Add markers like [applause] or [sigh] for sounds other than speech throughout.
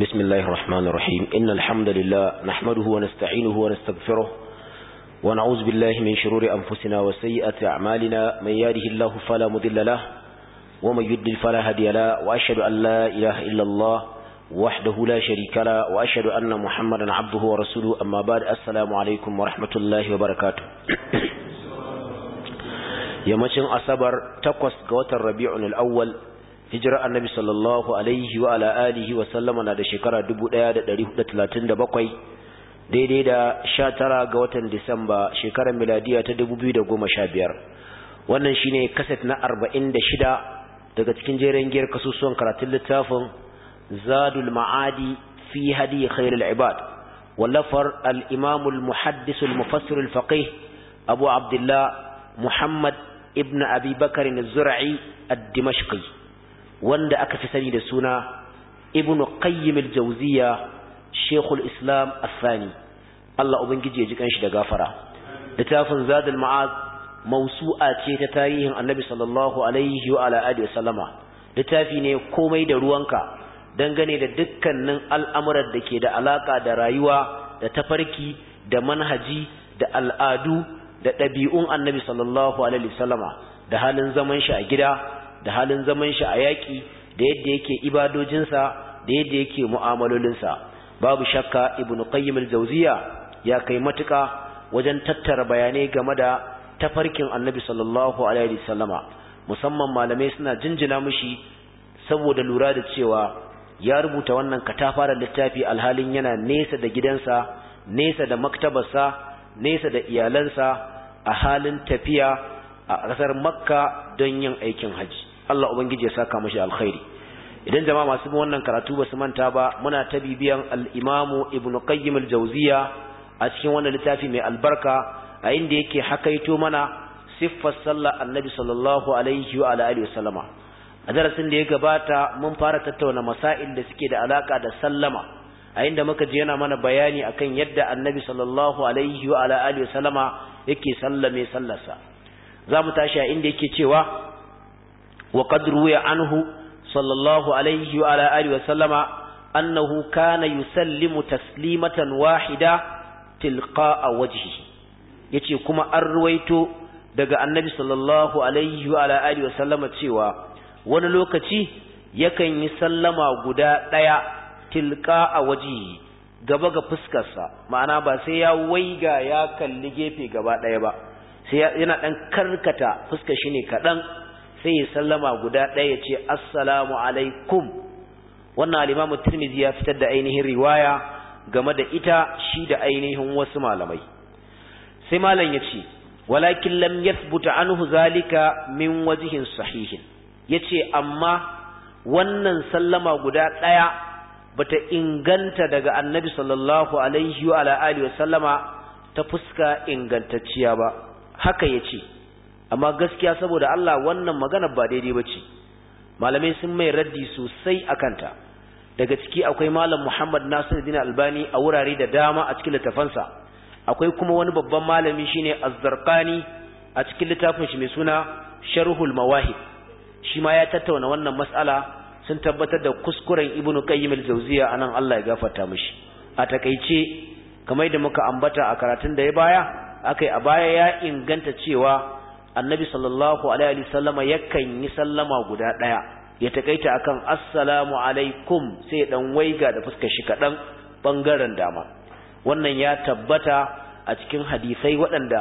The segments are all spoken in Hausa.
بسم الله الرحمن الرحيم إن الحمد لله نحمده ونستعينه ونستغفره ونعوذ بالله من شرور أنفسنا وسيئة أعمالنا من ياده الله فلا مذل له ومن يدل فلا هدي له وأشهد أن لا إله إلا الله وحده لا شريك له وأشهد أن محمدا عبده ورسوله أما بعد السلام عليكم ورحمة الله وبركاته يمشن أصبر تقوى سقوة الربيع الأول hijirar annabi sallallahu alaihi wa ala alihi wa sallama na da shekara 1437 daidai da 19 ga watan disamba shekarar miladiya ta 2015 wannan shine kaset na 46 daga cikin jerin giyar kasusuwan karatun littafin zadul ma'adi fi hadi khairul ibad wallafar al-imam al-muhaddis al-mufassir al-faqih abu abdullah muhammad ibn abi bakr az-zur'i ad wanda aka fi sani da suna ibn qayyim al-jawziya shaykhul islam athani Allah ubangiji ya ji kanshi da gafara littafin zadul ma'ad mawsu'a ce ta tarihin annabi sallallahu alaihi wa ala alihi wasallama littafi ne komai da ruwanka dangane da dukkanin al'amuran da ke da alaka da rayuwa da tafarki da manhaji da al'adu da ɗabi'un annabi sallallahu alaihi wasallama da halin zaman shi a gida da halin zaman shi a yaƙi da yadda yake ibadojinsa da yadda yake mu'amalolinsa babu shakka ibn qayyim al-jawziya ya kai matuƙa wajen tattara bayanai game da tafarkin annabi sallallahu alaihi wasallama musamman malamai suna jinjina mishi saboda lura da cewa ya rubuta wannan katafaren littafi alhalin yana nesa da gidansa nesa da maktabarsa nesa da iyalansa a halin tafiya a ƙasar makka don yin aikin hajji Allah ubangiji ya saka mashi alkhairi idan jama'a masu bin wannan karatu ba su manta ba muna ta bibiyan al-Imam Ibn Qayyim al-Jawziya a cikin wannan littafi mai albarka a inda yake hakaito mana siffar sallar Annabi sallallahu alaihi wa alihi wa sallama a darasin da ya gabata mun fara tattauna masail da suke da alaka da sallama a inda muka ji yana mana bayani akan yadda Annabi sallallahu alaihi wa alihi wa sallama yake sallame sallarsa za mu tashi a inda yake cewa wa qad anhu sallallahu alaihi wa ala alihi wa sallama annahu kana yusallimu taslimatan wahida tilqa'a wajhihi yace kuma an rwaito daga annabi sallallahu alaihi wa sallama cewa wani lokaci yakan yi sallama guda ɗaya daya a wajhihi gaba ga fuskarsa ma'ana ba sai ya waiga ya kalli gefe gaba daya ba sai yana ɗan karkata fuskar shi ne kadan sai ya sallama guda ɗaya ya ce assalamu alaikum wannan alimamu tirmizi ya fitar da ainihin riwaya game da ita shi da ainihin wasu malamai sai malam ya ce walakin lam yathbuta anhu zalika min wajihin sahihin yace amma wannan sallama guda ɗaya bata inganta daga annabi sallallahu alaihi wa alihi wa sallama ta fuska ingantacciya ba haka yace amma gaskiya saboda Allah wannan magana ba daidai ba ce malamai sun mai raddi sosai akanta daga ciki akwai malam Muhammad Nasiruddin Albani a wurare da dama a cikin littafansa akwai kuma wani babban malami shine Az-Zarqani a cikin littafin shi mai suna Sharhul Mawahib shi ma ya tattauna wannan mas'ala sun tabbatar da kuskuren Ibn Qayyim al-Jawziyya anan Allah ya gafarta mishi a takeice kamar da muka ambata a karatun da ya baya akai a baya ya inganta cewa annabi sallallahu alaihi sallama yakan yi sallama guda ɗaya, ya takaita akan assalamu alaikum sai dan waiga da fuskar shi kaɗan bangaren dama wannan ya tabbata a cikin hadisai waɗanda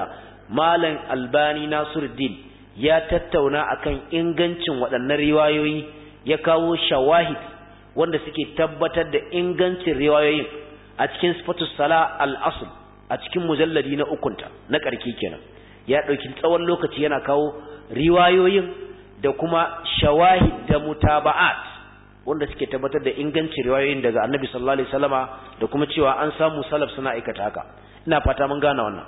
malam albani nasiruddin ya tattauna akan ingancin waɗannan riwayoyi ya kawo shawahid wanda suke tabbatar da ingancin riwayoyin a cikin sifatu sala al-asl a cikin mujalladi na ukunta na ƙarke kenan ya ɗauki tsawon lokaci yana kawo riwayoyin da kuma shawahid da mutaba'at wanda suke tabbatar da inganci riwayoyin daga annabi sallallahu alaihi wasallama da kuma cewa an samu salaf suna aikata haka ina fata mun gane wannan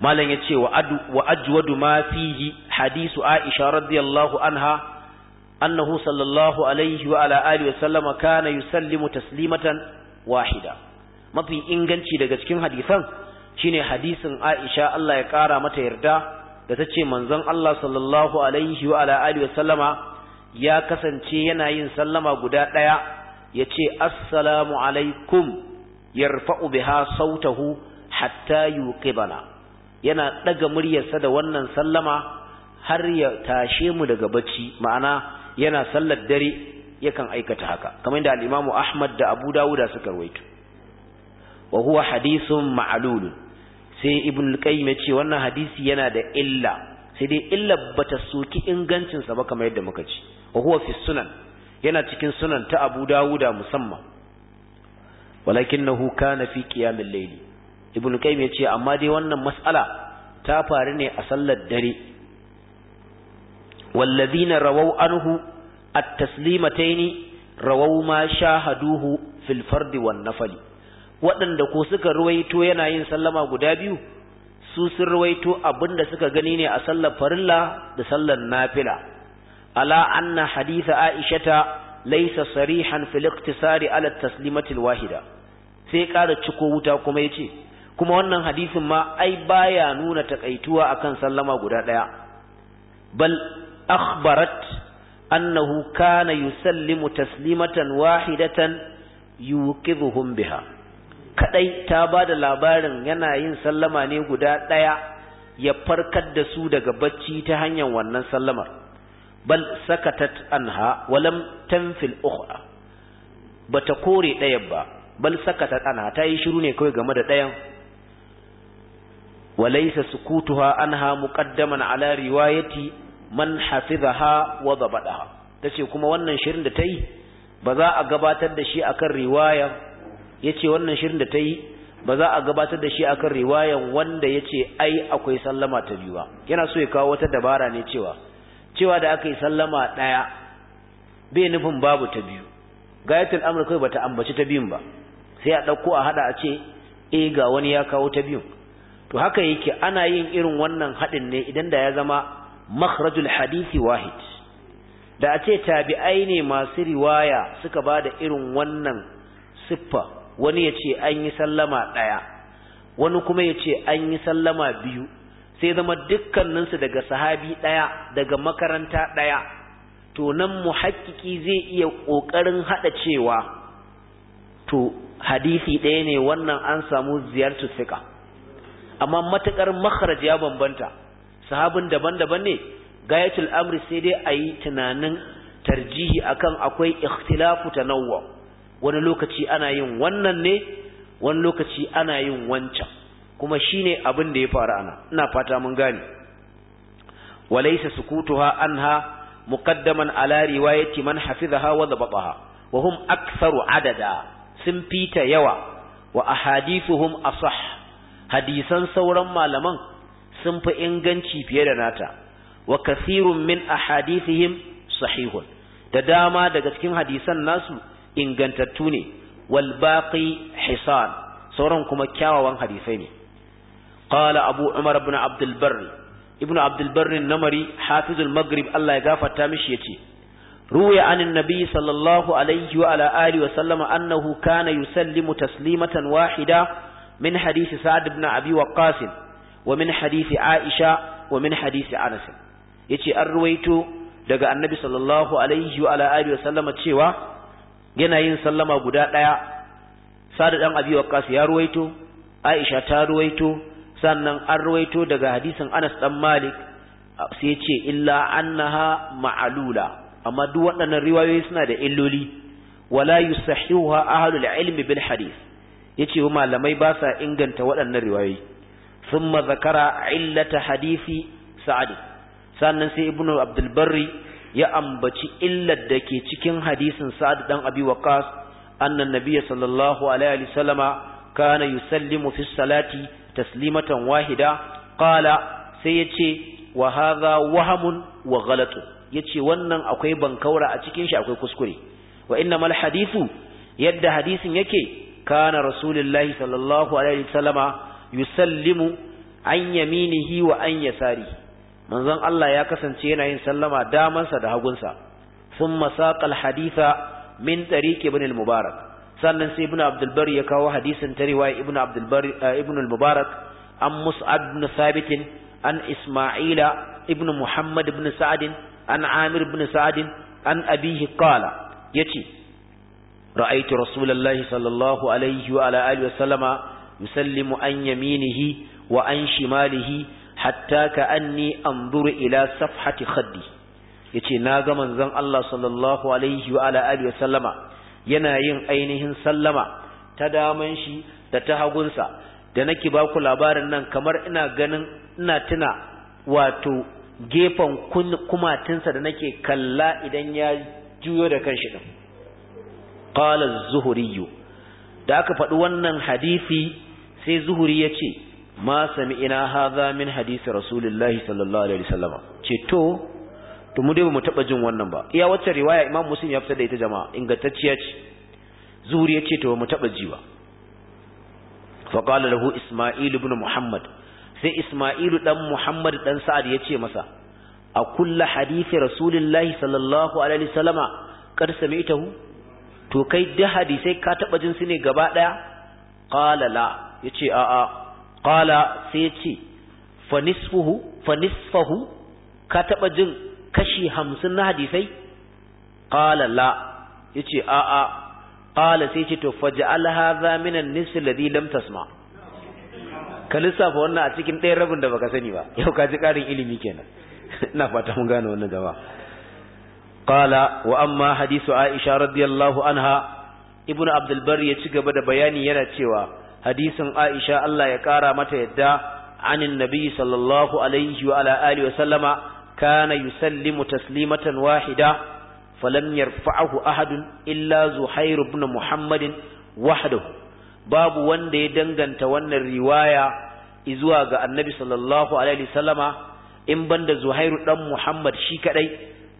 malam ya ce wa ajwadu ma fihi hadisu aisha radiyallahu anha annahu sallallahu alaihi wa ala alihi sallama kana yusallimu taslimatan wahida mafi inganci daga cikin hadisan shine hadisin Aisha Allah ya kara mata yarda da ta ce manzon Allah sallallahu alaihi wa ala alihi wasallama ya kasance yana yin sallama guda daya yace assalamu alaikum yarfa'u biha sautahu hatta yuqibana yana daga muryarsa da wannan sallama har ya tashe mu daga bacci ma'ana yana sallar dare yakan aikata haka kamar yadda al-Imam Ahmad da Abu Dawud suka rawaito wa huwa hadithun ma'lulun sai ibn qayyim ya ce wannan hadisi yana da illa sai dai illa bata soki ingancin sa ba kamar yadda muka ci wa huwa fi sunan yana cikin sunan ta Abu Dawuda musamman walakinahu kana fi qiyamil layli ibn qayyim ya ce amma dai wannan mas'ala ta faru ne a sallar dare والذين رووا عنه التسليمتين رووا ما شاهدوه في الفرد والنفل waɗanda ko suka ruwaito yana yin sallama guda biyu su sun ruwaito abin da suka gani ne a sallar farilla da sallar nafila ala anna haditha aishata laisa sarihan fil iqtisari ala taslimatil wahida sai ƙara ciko wuta kuma yace kuma wannan hadisin ma ai baya nuna takaituwa akan sallama guda ɗaya. bal akhbarat annahu kana yusallimu taslimatan wahidatan yuqidhuhum biha Kaɗai ta ba da labarin yana yin sallama ne guda ɗaya ya farkar da su daga bacci ta hanyar wannan sallamar bal sakatat anha walam tanfil ukhra bata kore ɗayan ba bal sakatat anha ta yi shiru ne kawai game da ɗayan walaysa sukutuha anha muqaddaman ala riwayati man hafizaha wa dabadaha tace kuma wannan shirin da ta yi ba za a gabatar da shi akan riwayar Ya ce wannan shirin da ta yi ba za a gabatar da shi a kan riwayan wanda ya ce ai akwai sallama ta biyu ba yana so ya kawo wata dabara ne cewa cewa da aka yi sallama ɗaya bai nufin babu ta biyu gayatul amur kai bata ambaci ta biyun ba sai a ɗauko a haɗa a ce eh ga wani ya kawo ta biyun to haka yake ana yin irin wannan haɗin ne idan da ya zama makhrajul hadisi wahid da a ce tabi'ai ne masu riwaya suka ba da irin wannan siffa wani ya ce an yi sallama ɗaya wani kuma ya ce an yi sallama biyu sai zama dukkaninsu daga sahabi ɗaya daga makaranta ɗaya to nan muhakkiki zai iya ƙoƙarin haɗa cewa to hadisi ɗaya ne wannan an samu ziyartu sika amma matuƙar makharaj ya bambanta sahabin daban-daban ne gayatul amri sai dai a yi tunanin tarjihi akan akwai ikhtilafu tanawwu wani lokaci ana yin wannan ne wani lokaci ana yin wancan kuma shine abin da ya faru ana ina fata mun gane walaysa sukutuha anha muqaddaman ala riwayati man hafizaha wa dhabataha wa hum aktharu adada sun fita yawa wa ahadithuhum asah hadisan sauran malaman sun fi inganci fiye da nata wa kathirun min ahadithihim sahihun da dama daga cikin hadisan nasu ingantattu ne wal baqi hisan sauran kuma kyawawan hadisai ne qala abu umar ibn abd ibn abd albar namari hafizul maghrib Allah ya gafarta mishi yace ruwaya anin nabi sallallahu alaihi wa ala alihi wa sallama annahu kana yusallimu taslimatan wahida min hadisi sa'ad ibn abi waqqas wa min hadisi aisha wa min hadisi anas yace an ruwaito daga annabi sallallahu alaihi wa ala wa sallama cewa yana yin sallama guda ɗaya sada ɗan abi waqqas ya ruwaito aisha ta ruwaito sannan an ruwaito daga hadisin anas ɗan malik sai ce illa annaha ma'alula amma duk waɗannan riwayoyi suna da illoli wala yusahihuha ahlul ilmi bil hadis yace malamai ba sa inganta waɗannan riwayoyi thumma zakara illata hadisi sa'ad sannan sai ibnu abdul barri ya ambaci illar da ke cikin hadisin sa'ad ɗan abi waqas annan nabiyyi sallallahu alaihi wasallama kana yusallimu fi salati taslimatan wahida qala sai yace wa hadha wahamun wa Ya yace wannan akwai bankaura a cikin shi akwai kuskure wa innamal hadithu yadda hadisin yake kana rasulullahi sallallahu alaihi wasallama yusallimu an yaminihi wa an yasarihi manzon Allah ya kasance yana yin sallama damansa da hagunsa Sun saqal haditha min tariq ibn al-mubarak sannan sai ibn abdul bari ya kawo hadisin ta riwaya ibn abdul bari eh, ibn al-mubarak an mus'ab ibn thabit an isma'ila ibn muhammad ibn sa'd an amir ibn sa'd an abihi qala yace ra'aytu rasulullahi sallallahu alaihi wa ala alihi wa sallama yusallimu an yaminihi wa an shimalihi hatta ka anni anzuru ila safhati khaddi yace na ga manzon Allah sallallahu alaihi wa ala alihi wa sallama yana yin ainihin sallama ta daman shi da ta hagunsa da nake ba ku labarin nan kamar ina ganin ina tuna wato gefen kumatinsa da nake kalla idan ya juyo da kanshi din qala az-zuhri da aka faɗi wannan hadisi sai zuhuri yace ma sami'ina hadha min hadisi rasulillahi sallallahu alaihi wasallam ce to to mu dai mu taba jin wannan ba iya wacce riwaya imam muslim ya fitar da ita jama'a ingantacciya ce zuri ya ce to mu taba ji ba fa qala lahu isma'il ibn muhammad sai Isma'il dan muhammad dan sa'ad ya ce masa a kullu hadisi rasulullahi sallallahu alaihi wasallam kad sami'tahu to kai da hadisai ka taba jin su ne gaba daya qala la yace a'a qala sai ce fa nisfuhu nisfahu ka taba jin kashi hamsin na hadisai qala la yace a a qala sai ce to faj'al hadha min an-nisf alladhi lam tasma ka lissafa wannan a cikin ɗayan rabin da baka sani ba yau ka ji ƙarin ilimi kenan [laughs] ina fata mun gane wannan gaba. qala wa amma hadisu aisha radiyallahu anha ibnu abdul bar ya ci gaba da bayani yana cewa hadisin Aisha Allah ya ƙara mata yadda anin nabi sallallahu alaihi wa ala alihi wa sallama kana yusallimu taslimatan wahida falam yarfa'ahu ahadun illa Zuhair ibn Muhammadin wahdahu babu wanda ya danganta wannan riwaya Izuwa ga annabi sallallahu alaihi wa sallama in banda Zuhair dan Muhammad shi kadai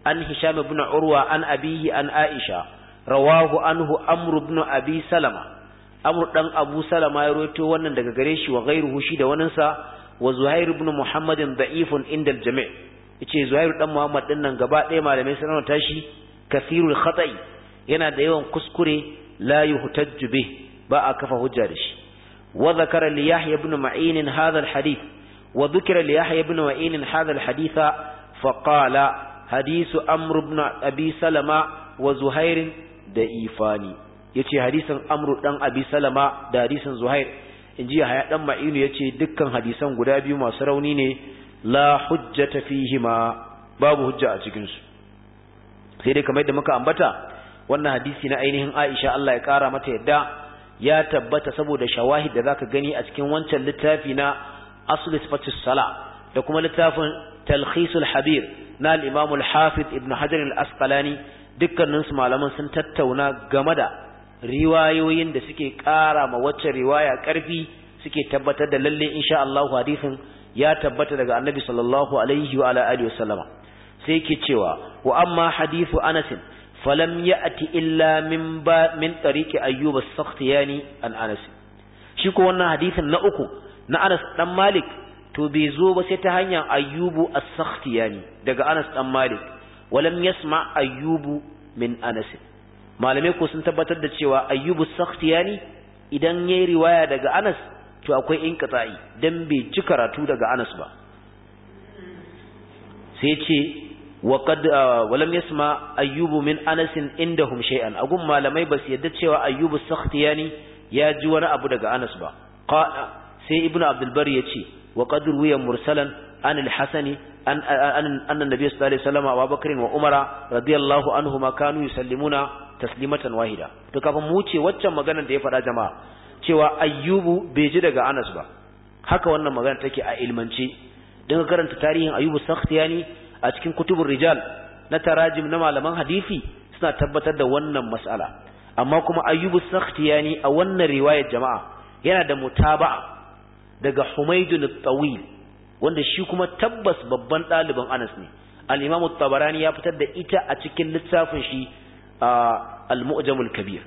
an Hisham ibn Urwa an abihi an Aisha rawahu anhu Amr ibn Abi Salama amr dan abu salama ya roto wannan daga gare shi wa gairu shi da wannan sa wa zuhair ibn muhammadin da'ifun inda al-jami' yace zuhair dan muhammad din nan gaba ɗaya malamai sun rawaita shi kasirul khata'i yana da yawan kuskure la yuhtajju bih ba a kafa hujja da shi wa zakara li yahya ibn ma'in hadha wa dhukira li yahya ibn ma'in hadha al-haditha fa qala hadithu amr ibn abi salama wa zuhair da ifani yace hadisin amru dan abi salama da hadisin zuhair inji haya dan ma'inu yace dukkan hadisan guda biyu masu rauni ne la hujjata fihima babu hujja a cikin su sai dai kamar yadda muka ambata wannan hadisi na ainihin Aisha Allah ya kara mata yadda ya tabbata saboda shawahid da zaka gani a cikin wancan littafi na asl sifatus sala da kuma littafin talkhisul habir na al-imam al-hafiz ibn hajar al-asqalani dukkanin su malaman sun tattauna game da riwayoyin da suke ƙara ma wacce riwaya ƙarfi suke tabbatar da lalle insha Allah hadisin ya tabbata daga Annabi sallallahu alaihi wa ala alihi wasallama sai yake cewa wa amma hadithu Anas falam ya'ti illa min ba min tariqi Ayyub as-Sakhtiyani an Anas shi ko wannan hadisin na uku na Anas dan Malik to bai zo ba sai ta hanyar Ayyubu as-Sakhtiyani daga Anas dan Malik walam yasma Ayyubu min Anas malamai ko sun tabbatar da cewa ayyubu sakhtiyani idan yayi riwaya daga Anas to akwai inqita'i dan bai ci karatu daga Anas ba sai ce wa qad ah, yasma ayyubu min Anas indahum shay'an agun malamai ba su yadda cewa ayyubu sakhtiyani ya ji wani abu daga Anas ba qala sai ibnu abdul bari yace wa qad ruwiya mursalan عن الحسن أن أن النبي صلى الله عليه وسلم wa بكر وعمر رضي الله عنهما taslimatan wahida to kafin mu wuce waccan maganar da ya faɗa jama'a cewa ayyubu bai ji daga anas ba haka wannan magana take a ilmance don karanta tarihin ayyubu sakhtiyani a cikin kutubun rijal na tarajim na malaman hadisi suna tabbatar da wannan mas'ala amma kuma ayyubu sakhtiyani a wannan riwayar jama'a yana da mutaba'a daga humaydun at-tawil wanda shi kuma tabbas babban ɗaliban anas ne al-imamu tabarani ya fitar da ita a cikin littafin shi al-mu'jamul kabir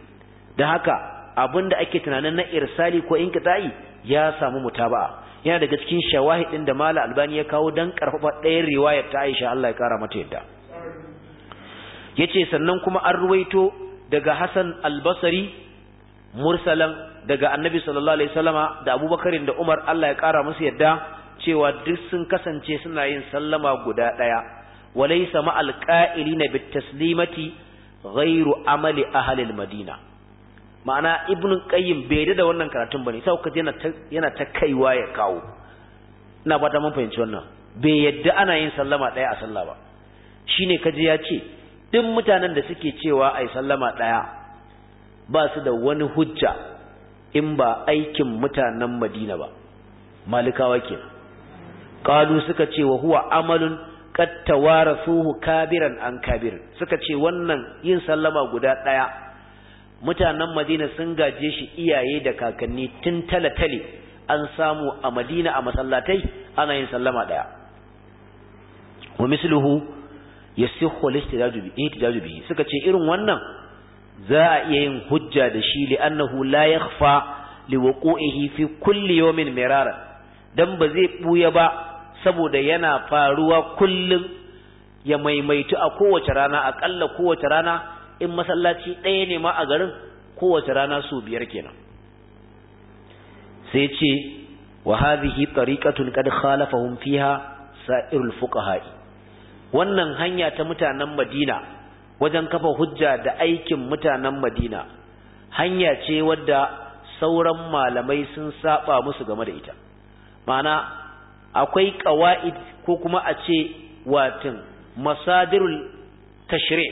da haka abinda ake tunanin na irsali ko in inqita'i ya samu mutaba'a yana daga cikin shawahidin da mala albani ya kawo dan karfafa ɗayan riwayar ta Aisha Allah ya kara mata yadda yace sannan kuma an ruwaito daga Hassan al-Basri mursalan daga Annabi sallallahu alaihi wasallama da Abubakar da Umar Allah ya kara musu yadda cewa duk sun kasance suna yin sallama guda daya walaysa ma'al qa'ilina bit taslimati ghairu amali ahlil madina ma'ana ibn qayyim bai da wannan karatun bane sai kaje yana yana ta kaiwa ya kawo ina fata mun fahimci wannan bai yadda ana yin sallama daya a sallah ba shine kaje ya ce duk mutanen da suke cewa ai sallama daya ba su da wani hujja in ba aikin mutanen madina ba malikawa kenan qalu suka ce wa huwa amalun kattawa tawarasuhu kabiran an kabir suka ce wannan yin sallama guda ɗaya mutanen Madina sun gaje shi iyaye da kakanni tun talatale an samu a Madina a masallatai ana yin sallama daya wa misluhu yasihhu al bi bi suka ce irin wannan za a iya yin hujja da shi li'annahu la yakhfa liwuqu'ihi fi kulli yawmin mirara dan ba zai buya ba saboda yana faruwa kullum ya maimaitu a kowace rana aƙalla kowace rana in masallaci ɗaya ne ma a garin kowace rana su biyar kenan sai ce wa hadhihi tariqatun qad khalafahum fiha sa'irul fuqaha wannan hanya ta mutanen Madina wajen kafa hujja da aikin mutanen Madina hanya ce wadda sauran malamai sun saba musu game da ita ma'ana akwai qawaid ko kuma a ce watin masadirul tashri'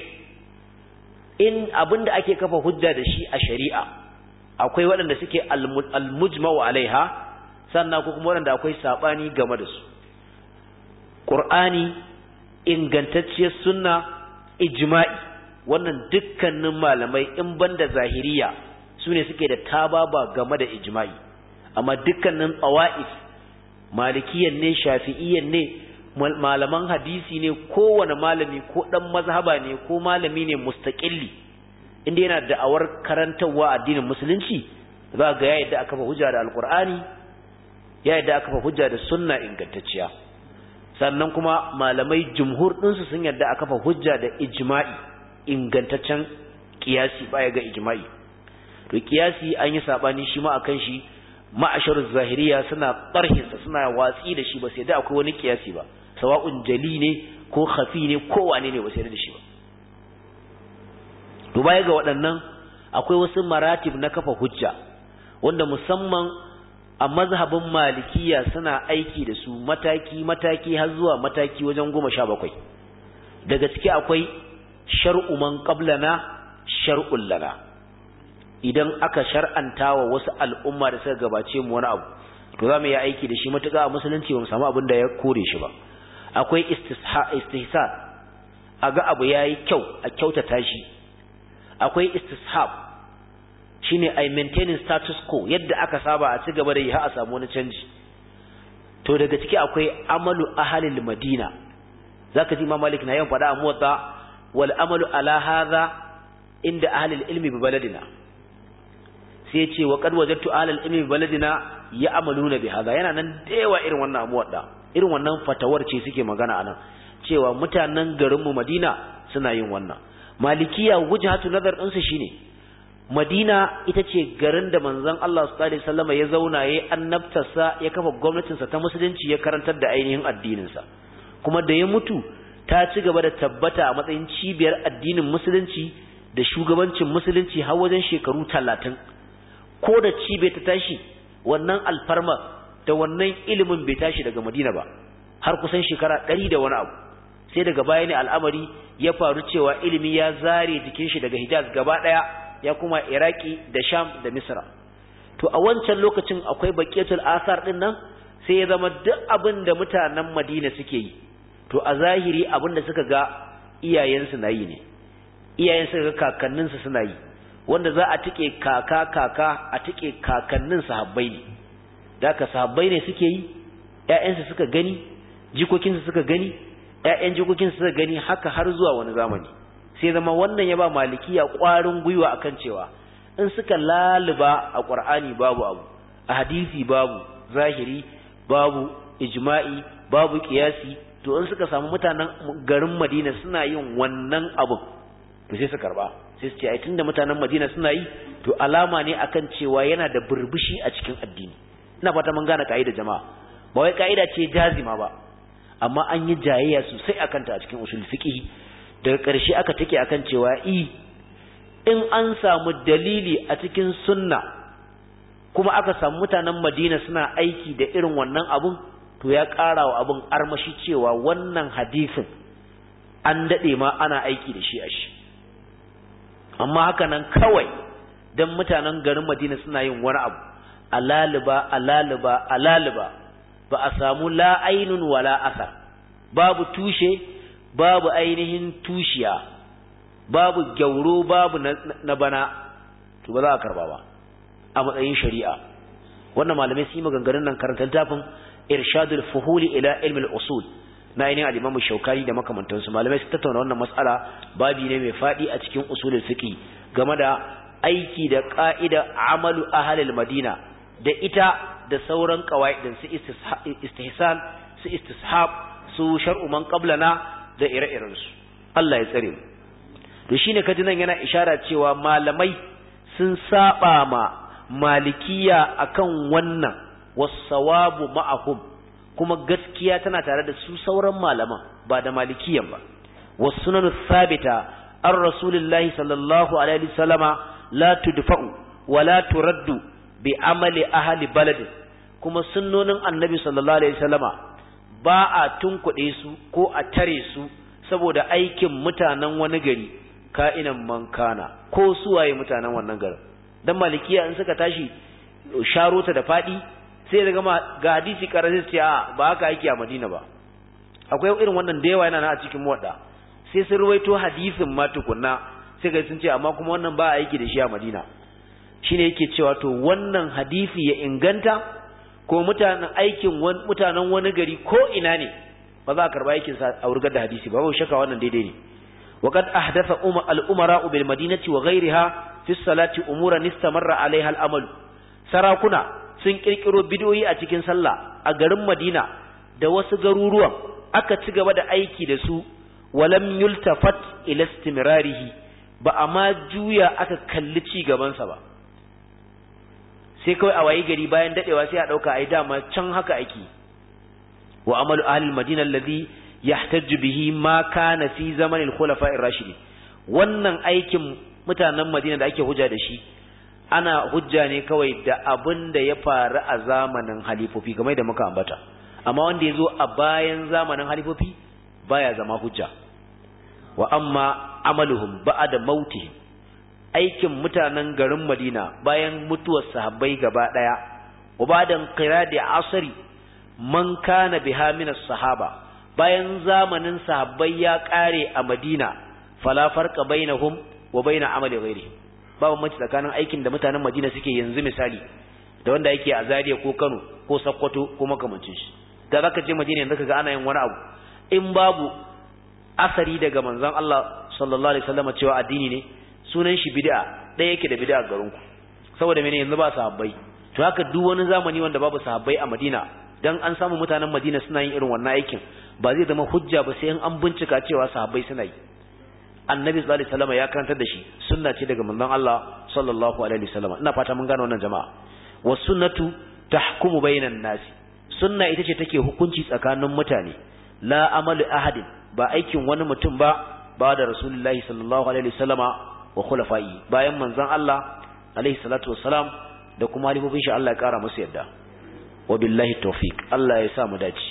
in abinda ake kafa hujja da shi a shari'a akwai waɗanda suke almujma'u alaiha sannan ko kuma waɗanda akwai saɓani game da su qur'ani ingantacciyar sunna ijma'i wannan dukkanin malamai in banda zahiriya su ne suke da tababa game da ijma'i amma dukkanin ƙawa'id malikiyan ne shafi'iyan ne malaman hadisi ne kowane malami ko dan mazhaba ne ko malami ne mustaqilli inda yana da'awar karantarwa addinin musulunci za ga ya yadda aka fa hujja da alqur'ani ya yadda aka fa hujja da sunna ingantacciya sannan kuma malamai jumhur sun yadda aka fa hujja da ijma'i ingantaccen kiyasi baya ga ijma'i to kiyasi an yi sabani shi ma akan shi ma'ashar zahiriya suna barhinsa suna watsi da shi ba sai da akwai wani kiyasi ba sawa'un jali ne ko khafi ne ko wane ne ba sai da shi ba to baya ga waɗannan akwai wasu maratib na kafa hujja wanda musamman a mazhabin malikiya suna aiki da su mataki mataki har zuwa mataki wajen goma sha bakwai daga ciki akwai shar'u man qablana shar'ul lana idan aka shar'anta wa wasu al'umma da suka gabace mu wani abu to za mu yi aiki da shi matuƙa a musulunci ba mu samu abin da ya kore shi ba akwai istihsan a ga abu ya yi kyau a kyautata shi akwai istishab shine a maintaining status quo yadda aka saba a ci gaba da yi ha'a a samu wani canji to daga ciki akwai amalu ahalil madina ka ji mamalik na yawan faɗa a motsa wal amalu ala haza inda ahalil ilmi bi baladina sai ce wa qad wajadtu alal ilmi baladina ya na bi haza yana nan da yawa irin wannan abuwa da irin wannan fatawar ce suke magana anan cewa mutanen garinmu Madina suna yin wannan malikiya wujhatu nazar su shine Madina ita ce garin da manzon Allah sallallahu alaihi wasallam ya zauna yayi annabtarsa ya kafa gwamnatin sa ta musulunci ya karantar da ainihin addinin sa kuma da ya mutu ta ci gaba da tabbata a matsayin cibiyar addinin musulunci da shugabancin musulunci har wajen shekaru talatin ko da ci bai ta tashi wannan alfarma da wannan ilimin bai tashi daga madina ba har kusan shekara ɗari da wani abu sai daga baya ne al'amari ya faru cewa ilimi ya zare jikin shi daga hijaz gaba ɗaya ya kuma iraki da sham da misra to a wancan lokacin akwai baƙetul asar ɗin nan sai ya zama duk abin da mutanen madina suke yi to a zahiri abin da suka ga iyayensu na yi ne iyayensu ga kakanninsu suna yi wanda za a tike kaka kaka a tike kakannin sahabbai ne da ka sahabbai ne suke yi ƴaƴansu suka gani jikokinsu suka gani ƴaƴan jikokinsu suka gani haka har zuwa wani zamani sai zama wannan ya ba malikiya ƙwarin gwiwa akan cewa in suka laluba a ƙur'ani babu abu a hadisi babu zahiri babu ijma'i babu kiyasi to in suka samu mutanen garin Madina suna yin wannan abun. to sai su karba sai su ce ai tunda mutanen Madina suna yi to alama ne akan cewa yana da burbushi a cikin addini ina fata mun gane kaida jama'a ba wai kaida ce jazima ba amma an yi jayayya sosai akan ta a cikin usul fiqh daga ƙarshe aka take akan cewa i in an samu dalili a cikin sunna kuma aka samu mutanen Madina suna aiki da irin wannan abun to ya ƙara wa abun armashi cewa wannan hadisin an daɗe ma ana aiki da shi a shi amma haka nan kawai dan mutanen garin Madina suna yin wani abu alaliba alaliba alaliba ba a samu la ainun wala asar babu tushe babu ainihin tushiya babu gyauro babu na bana to ba za a karba ba a matsayin shari'a wannan malamai sun yi maganganun nan karanta littafin irshadul fuhuli ila ilmil usul na ainihin al shaukari da makamantansu malamai su tattauna wannan matsala. babi ne mai faɗi a cikin usulul fiqh game da aiki da ka'ida amalu halin Madina da ita da sauran qawaidin su istihsan su istishab su shar'u man qablana da ire-iren su Allah ya tsare mu to shine kaji nan yana ishara cewa malamai sun saba ma malikiya akan wannan was-sawabu ma'ahum kuma gaskiya tana tare da su sauran malaman ba da malikiyan ba Wasu sunan sabita an rasulullahi sallallahu alaihi wasallama la tudfa'u wa la turaddu bi amali ahli baladin kuma sunnonin annabi sallallahu alaihi wasallama ba a tunkuɗe su ko a tare su saboda aikin mutanen wani gari ka'inan mankana ko suwaye mutanen wannan garin dan malikiya in suka tashi sharota da faɗi. sai daga ma ga hadisi karasi sai a ba haka yake a Madina ba akwai irin wannan da yawa yana na a cikin muwadda sai sun ruwaito hadisin ma tukunna sai ga sun ce amma kuma wannan ba aiki da shi a Madina shine yake cewa to wannan hadisi ya inganta ko mutanen aikin mutanen wani gari ko ina ne ba za a karba aikin sa a wurgar da hadisi ba babu shakka wannan daidai ne وقد أحدث أم الأمراء بالمدينة وغيرها في الصلاة أمورا استمر عليها الأمل sarakuna. sun kirkiro bidiyoyi a cikin sallah a garin Madina da wasu garuruwan aka ci gaba da aiki da su walam yultafat ila istimrarihi ba a ma juya aka kalli ci gabansa ba sai kawai a wayi gari bayan dadewa sai a dauka ai dama can haka aiki wa amalu ahli madina alladhi yahtaju bihi ma kana fi zamanil khulafa'ir rashidin wannan aikin mutanen madina da ake hujja da shi ana hujja ne kawai da abin da ya faru a zamanin halifofi game da muka ambata amma wanda ya zo a bayan zamanin halifofi baya zama hujja wa amma amaluhum ba'da mauti aikin mutanen garin Madina bayan mutuwar sahabbai gaba daya wa ba'dan qiradi asri man kana biha min sahaba bayan zamanin sahabbai ya kare a Madina fala farqa bainahum wa bain amali ghairihim ba bambanci tsakanin aikin da mutanen Madina suke yanzu misali da wanda yake a Zaria ko Kano ko Sokoto ko makamancin shi da zaka je Madina yanzu kaga ana yin wani abu in babu asari daga manzon Allah sallallahu alaihi wasallam cewa addini ne sunan shi bid'a daya yake da bid'a garin ku saboda mene yanzu ba sahabbai to haka duk wani zamani wanda babu sahabbai a Madina dan an samu mutanen Madina suna yin irin wannan aikin ba zai zama hujja ba sai an bincika cewa sahabbai suna yi annabi sallallahu alaihi wasallam ya karantar da shi sunna ce daga manzon Allah sallallahu alaihi wasallam ina fata mun gane wannan jama'a was sunnatu tahkumu bainan nasi sunna ita ce take hukunci tsakanin mutane la amalu ahadin ba aikin wani mutum ba ba da rasulullahi sallallahu alaihi wasallama wa khulafai bayan manzon Allah alaihi salatu wassalam da kuma halifofin shi Allah ya kara musu yadda wa billahi tawfiq Allah ya sa mu dace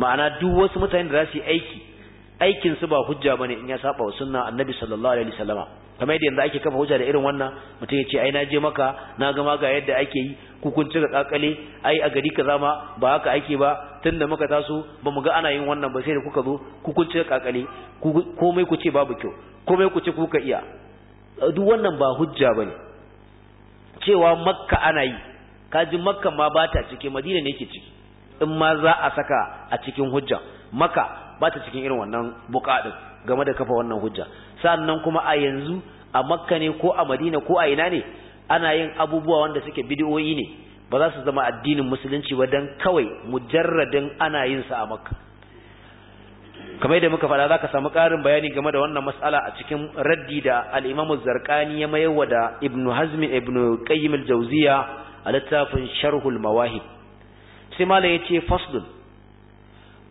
ma'ana duk wasu mutane da za su yi aiki aikin su ba hujja bane in ya saba wa sunna annabi sallallahu alaihi wasallama kamar yadda yanzu ake kafa hujja da irin wannan mutum ya ce ai na je maka na ga ga yadda ake yi ku kun cika kakale ai a gari kaza ma ba haka ake ba tunda muka taso bamu ga ana yin wannan ba sai da kuka zo ku kun cika kakale komai ku ce babu kyau komai ku ce kuka iya duk wannan ba hujja bane cewa makka ana yi kaji makka ma ba ta cike madina ne ke ciki in ma za a saka a cikin hujja maka ba ta cikin irin wannan buka game da kafa wannan hujja sannan kuma a yanzu a makka ne ko a madina ko a ina ne ana yin abubuwa wanda suke bidiyoyi ne ba za su zama addinin musulunci ba dan kawai mujarradin ana yin sa a makka kamar yadda muka faɗa zaka samu ƙarin bayani game da wannan mas'ala a cikin raddi da al-Imam Az-Zarqani ya mayarwa da Ibn Hazm Ibn Qayyim al a littafin Sharhul mawahib sai malam yace faslun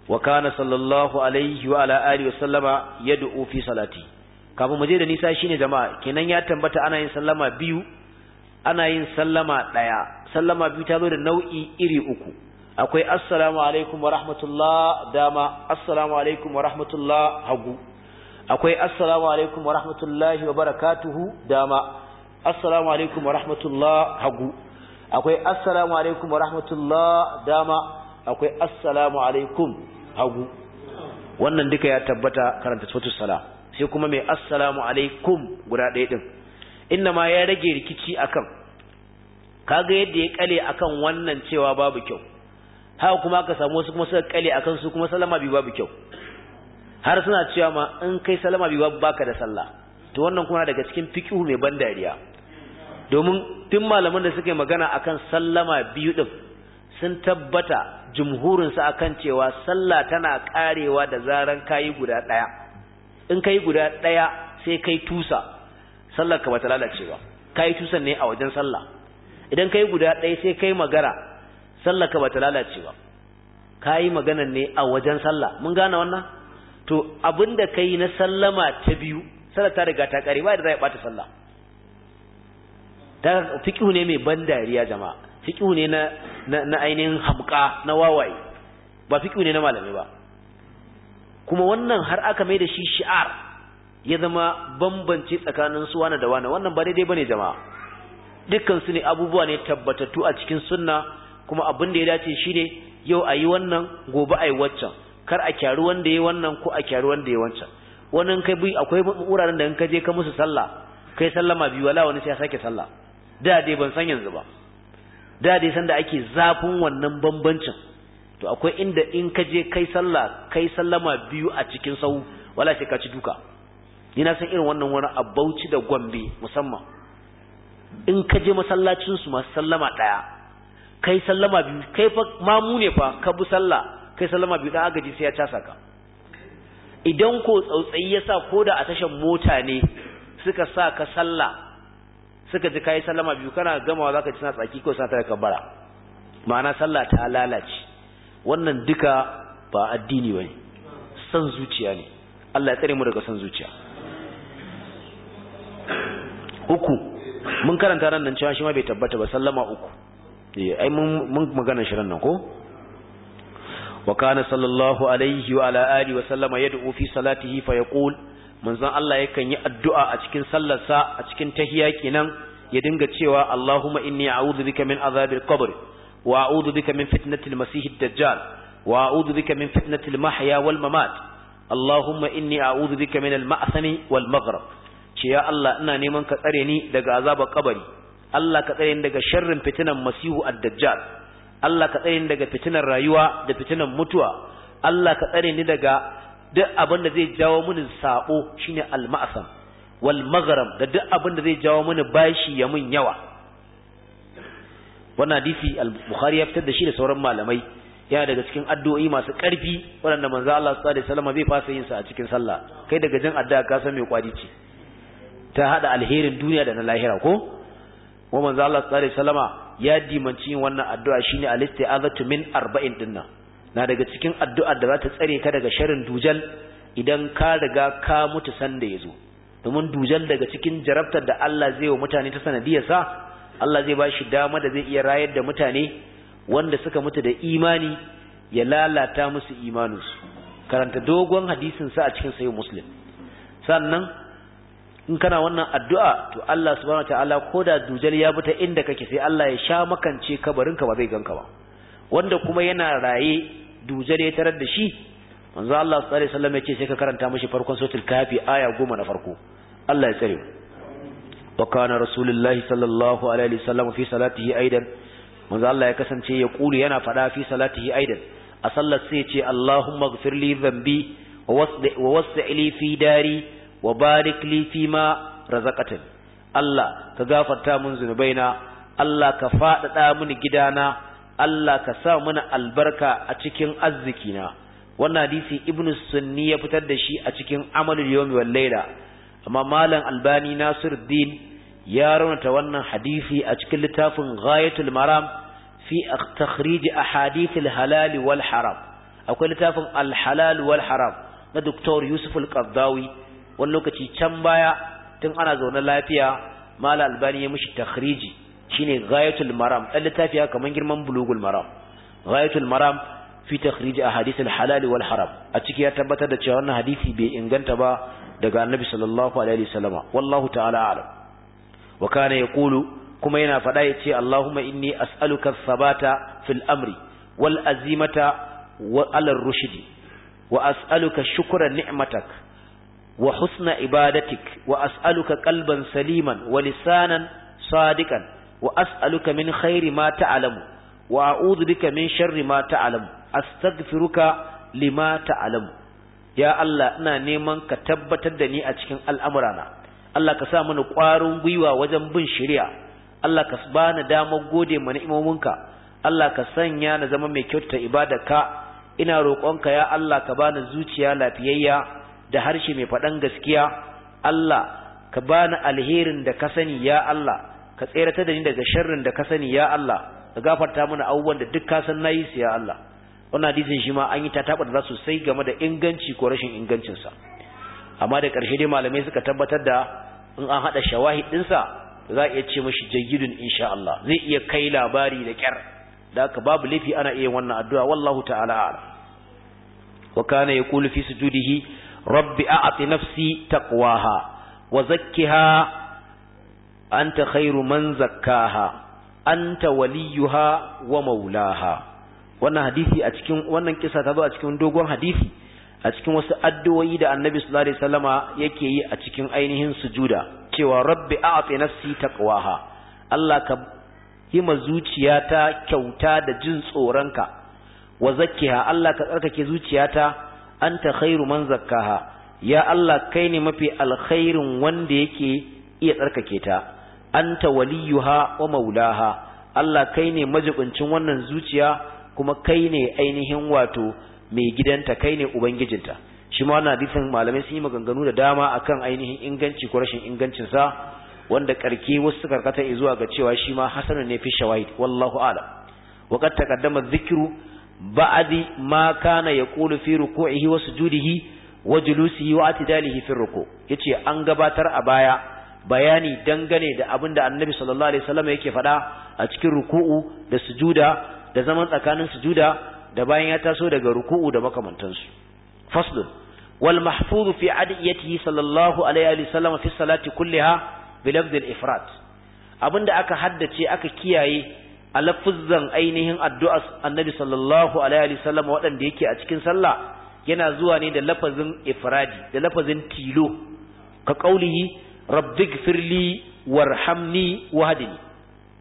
wa kana sallallahu alaihi wa ala alihi wa sallama yad'u fi salati kafin mu je da nisa shine jama'a kenan ya tambata ana yin sallama biyu ana yin sallama daya sallama biyu ta zo da nau'i iri uku akwai assalamu alaikum wa rahmatullah dama assalamu alaikum wa rahmatullah hagu akwai assalamu alaikum wa rahmatullahi wa barakatuhu dama assalamu alaikum wa rahmatullah hagu akwai assalamu alaikum wa rahmatullah dama akwai assalamu alaikum hagu wannan duka ya tabbata karanta suratul sala sai kuma mai assalamu alaikum guda ɗaya ɗin inda ma ya rage rikici akan kaga yadda ya kale akan wannan cewa babu kyau haka kuma aka samu wasu kuma suka kale akan su kuma salama bi babu kyau har suna cewa ma in kai salama bi babu baka da sallah to wannan kuma daga cikin fiqhu mai ban dariya domin tun malaman da suka yi magana akan sallama biyu din sun tabbata jumhurinsu akan cewa sallah tana karewa da zaran kayi guda ɗaya in kayi guda ɗaya sai kai tusa sallar ka bata lalace ba kayi tusan ne a wajen sallah idan kayi guda ɗaya sai kai magara sallar ka bata lalace ba kayi maganan ne a wajen sallah mun gane wannan to abinda kai na sallama ta biyu sallar ta riga ta kare ba da za ya bata sallah ta fiqhu ne mai ban dariya jama'a fiqhu ne na ainihin hamka na wawaye ba fiqhu ne na malami ba kuma wannan har aka mai da shi shi'ar ya zama bambance tsakanin su wani da wani wannan ba daidai bane jama'a dukkan su ne abubuwa ne tabbatattu a cikin sunna kuma abin da ya dace shine yau ayi wannan gobe ayi waccan kar a kyaru wanda yayi wannan ko a kyaru wanda yayi wancan wannan kai bi akwai wuraren da in ka je ka musu sallah kai sallama biyu wala wani sai ya sake sallah da dai ban san yanzu ba da dai sanda ake zafin wannan bambancin to akwai inda in ka je kai sallah kai sallama biyu a cikin sau wala sai ka ci duka ni na san irin wannan wani a Bauchi da Gombe musamman in ka je masallacin su masu sallama daya kai sallama biyu kai fa mamu ne fa ka bu sallah kai sallama biyu dan agaji sai ya casa ka idan ko tsautsayi ya sa ko da a tashan mota ne suka sa ka sallah suka ji kai sallama biyu kana gamawa zaka ci na tsaki ko sa ta kabbara ma'ana sallah ta lalace wannan duka ba addini bane san zuciya ne Allah ya tsare mu daga san zuciya uku mun karanta ran nan cewa shi ma bai tabbata ba sallama uku eh ai mun mun magana shi ran nan ko wa kana sallallahu alaihi wa ala alihi wa sallama yad'u fi salatihi fa yaqul manzon Allah yakan yi addu'a a cikin sallarsa a cikin tahiya kenan ya dinga cewa Allahumma inni a'udhu bika min azabil qabr wa a'udhu bika min fitnatil masiihid dajjal wa a'udhu bika min fitnatil mahya wal mamat Allahumma inni a'udhu bika min al ma'thami wal maghrib ce ya Allah ina neman ka tsare ni daga azabar kabari Allah ka tsare ni daga sharrin fitinan masihu ad-dajjal Allah ka tsare ni daga fitinan rayuwa da fitinan mutuwa Allah ka tsare ni daga duk abin da zai jawo mini sabo shine al-ma'sam wal maghram da duk abin da zai jawo mini bashi ya mun yawa wannan hadisi al-bukhari ya fitar da shi da sauran malamai yana daga cikin addu'o'i masu karfi wanda manzo Allah sallallahu alaihi wasallam bai fasa yin sa a cikin sallah kai daga jin addu'a ka san me kwadi ta hada alherin duniya da na lahira ko wa manzo Allah sallallahu alaihi wasallam ya dimanci yin wannan addu'a shine al-isti'azatu min arba'in dinnan na daga cikin addu'ar da za ta tsare ka daga sharin dujal idan ka daga ka mutu sanda ya zo domin dujal daga cikin jarabtar da Allah zai wa mutane ta sanadiyarsa Allah zai ba shi dama da zai iya rayar da mutane wanda suka mutu da imani ya lalata musu imaninsu karanta dogon hadisin sa a cikin sayi muslim sannan in kana wannan addu'a to Allah subhanahu ko da dujal ya bi ta inda kake sai Allah ya sha makance kabarinka ba zai ganka ba wanda kuma yana raye Duje dujar ya tarar da shi manzo Allah sallallahu alaihi wasallam yace sai ka karanta mishi farkon suratul kafi aya goma na farko Allah ya tsare wa kana rasulullahi sallallahu alaihi wasallam fi salatihi aidan manzo Allah ya kasance ya kulu yana fada fi salatihi aidan a sallar sai ya ce Allahumma ighfir li dhanbi wa wasdi' li fi dari wa barik li fi ma razaqatan Allah ka gafarta mun zunubaina Allah ka fadada mini gidana Allah ka sa mana albarka a cikin arzikina wannan hadisi ibn sunni ya fitar da shi a cikin amalul yawmi wal layla amma malam albani nasiruddin ya raunata wannan hadisi a cikin littafin ghayatul maram fi takhrij ahadith al halal wal haram akwai littafin al halal wal haram na doktor yusuf al wani lokaci can baya tun ana zaune lafiya malam albani ya mishi takhriji shine ghayatul maram dan littafi kaman girman bulugul maram ghayatul maram fi takhrij ahadith halali, halal wal haram a ciki ya tabbatar da cewa wannan hadisi bai inganta ba daga annabi sallallahu alaihi wasallama wallahu ta'ala alam wa kana yaqulu kuma yana faɗa ya ce, allahumma inni as'aluka thabata fil amri wal azimata wa ala rushdi wa as'aluka shukra ni'matak wa husna ibadatik wa as'aluka qalban saliman wa lisanan sadiqan wa as'aluka min khairi ma ta'lamu wa a'udhu bika min sharri ma ta'lamu astaghfiruka lima ta'lamu ya Allah ina neman ka tabbatar da ni a cikin al'amurana Allah ka sa mana ƙwarin gwiwa wajen bin shari'a Allah ka bani damar gode mana imominka Allah ka sanya na zama mai kyautata ka. ina roƙonka ya Allah ka bani zuciya lafiyayya da harshe mai faɗan gaskiya Allah ka bani alherin da ka sani ya Allah ka tseratar ta dani daga sharrin da ka sani ya Allah ka gafarta mana abubuwan da duk ka san nayi su ya Allah wannan hadisin shi ma an yi tataba da za sai game da inganci ko rashin ingancin sa amma da ƙarshe dai malamai suka tabbatar da in an hada shawahid din sa za a iya ce mishi jayyidun insha Allah zai iya kai labari da kyar da haka babu laifi ana iya wannan addu'a wallahu ta'ala a'lam wa kana yaqulu fi sujudihi rabbi a'ti nafsi taqwaha wa zakkiha anta khairu man zakkaha anta waliyuha wa maulaha wannan hadisi a cikin wannan kisa ta zo a cikin dogon hadisi a cikin wasu addu'o'i da annabi sallallahu alaihi wasallama yake yi a cikin ainihin sujuda cewa rabbi a'ti nafsi taqwaha Allah ka hima zuciyata kyauta da jin tsoronka wa zakkiha Allah ka tsarkake zuciyata anta khairu man zakkaha ya Allah kai ne mafi alkhairin wanda yake iya tsarkake ta anta waliyuha wa maulaha Allah kai ne majibincin wannan zuciya kuma kai ne ainihin wato mai gidanta kai ne ubangijinta shi ma wannan hadisin malamai sun yi maganganu da dama akan ainihin inganci ko rashin ingancin sa wanda karke wasu suka karkata zuwa ga cewa shi ma hasanun ne fi shawahid wallahu ala wa qad taqaddama dhikru ba'di ma kana yaqulu fi ruku'ihi wa sujudihi wa julusihi wa atidalihi fi ruku' yace an gabatar a baya bayani dangane da abin da annabi sallallahu alaihi wasallam yake faɗa a cikin ruku'u da sujuda da zaman tsakanin sujuda da bayan ya taso daga ruku'u da makamantansu faslun wal mahfuz fi adiyatihi sallallahu alaihi wasallam fi salati kulliha bi lafz al ifrat abinda aka haddace aka kiyaye a ainihin addu'a annabi sallallahu alaihi wasallam waɗanda yake a cikin sallah yana zuwa ne da lafazin ifradi da lafazin tilo ka qaulihi rabbig firli warhamni wahadini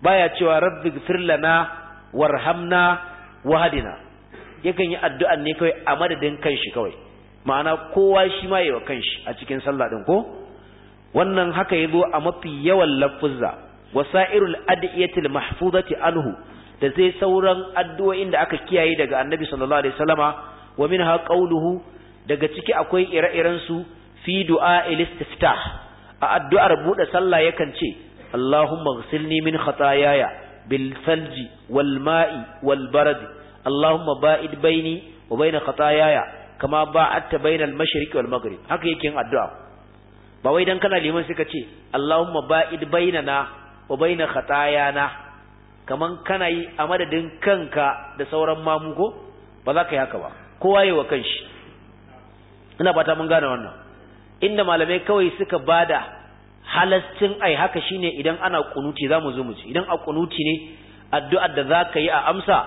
baya cewa rabbig firlana warhamna wahadina yakan yi addu'an ne kawai a madadin kanshi kawai ma'ana kowa shi ma yawa kanshi a cikin sallah din ko wannan haka ya zo a mafi yawan lafuzza wasairul adiyatil mahfuzati anhu da zai sauran addu'o'in da aka kiyaye daga annabi sallallahu alaihi wasallama wa minha qawluhu daga ciki akwai ire-iren su fi du'a istiftah a addu'ar buɗe sallah yakan ce Allahumma ghsilni min khatayaya bil falji wal ma'i wal barad Allahumma ba'id baini wa baina khatayaya kama ba'adta bain al mashriqi wal maghrib haka yake yin addu'a ba wai dan kana liman suka ce Allahumma ba'id na wa baina na, kaman kana yi a madadin kanka da sauran mamu ko ba za ka yi haka ba kowa yi wa kanshi ina fata mun gane wannan inda malamai kawai suka bada halastin ai haka shine idan ana kunuti zamu zo mu ci idan a kunuti ne addu'ar da zaka yi a amsa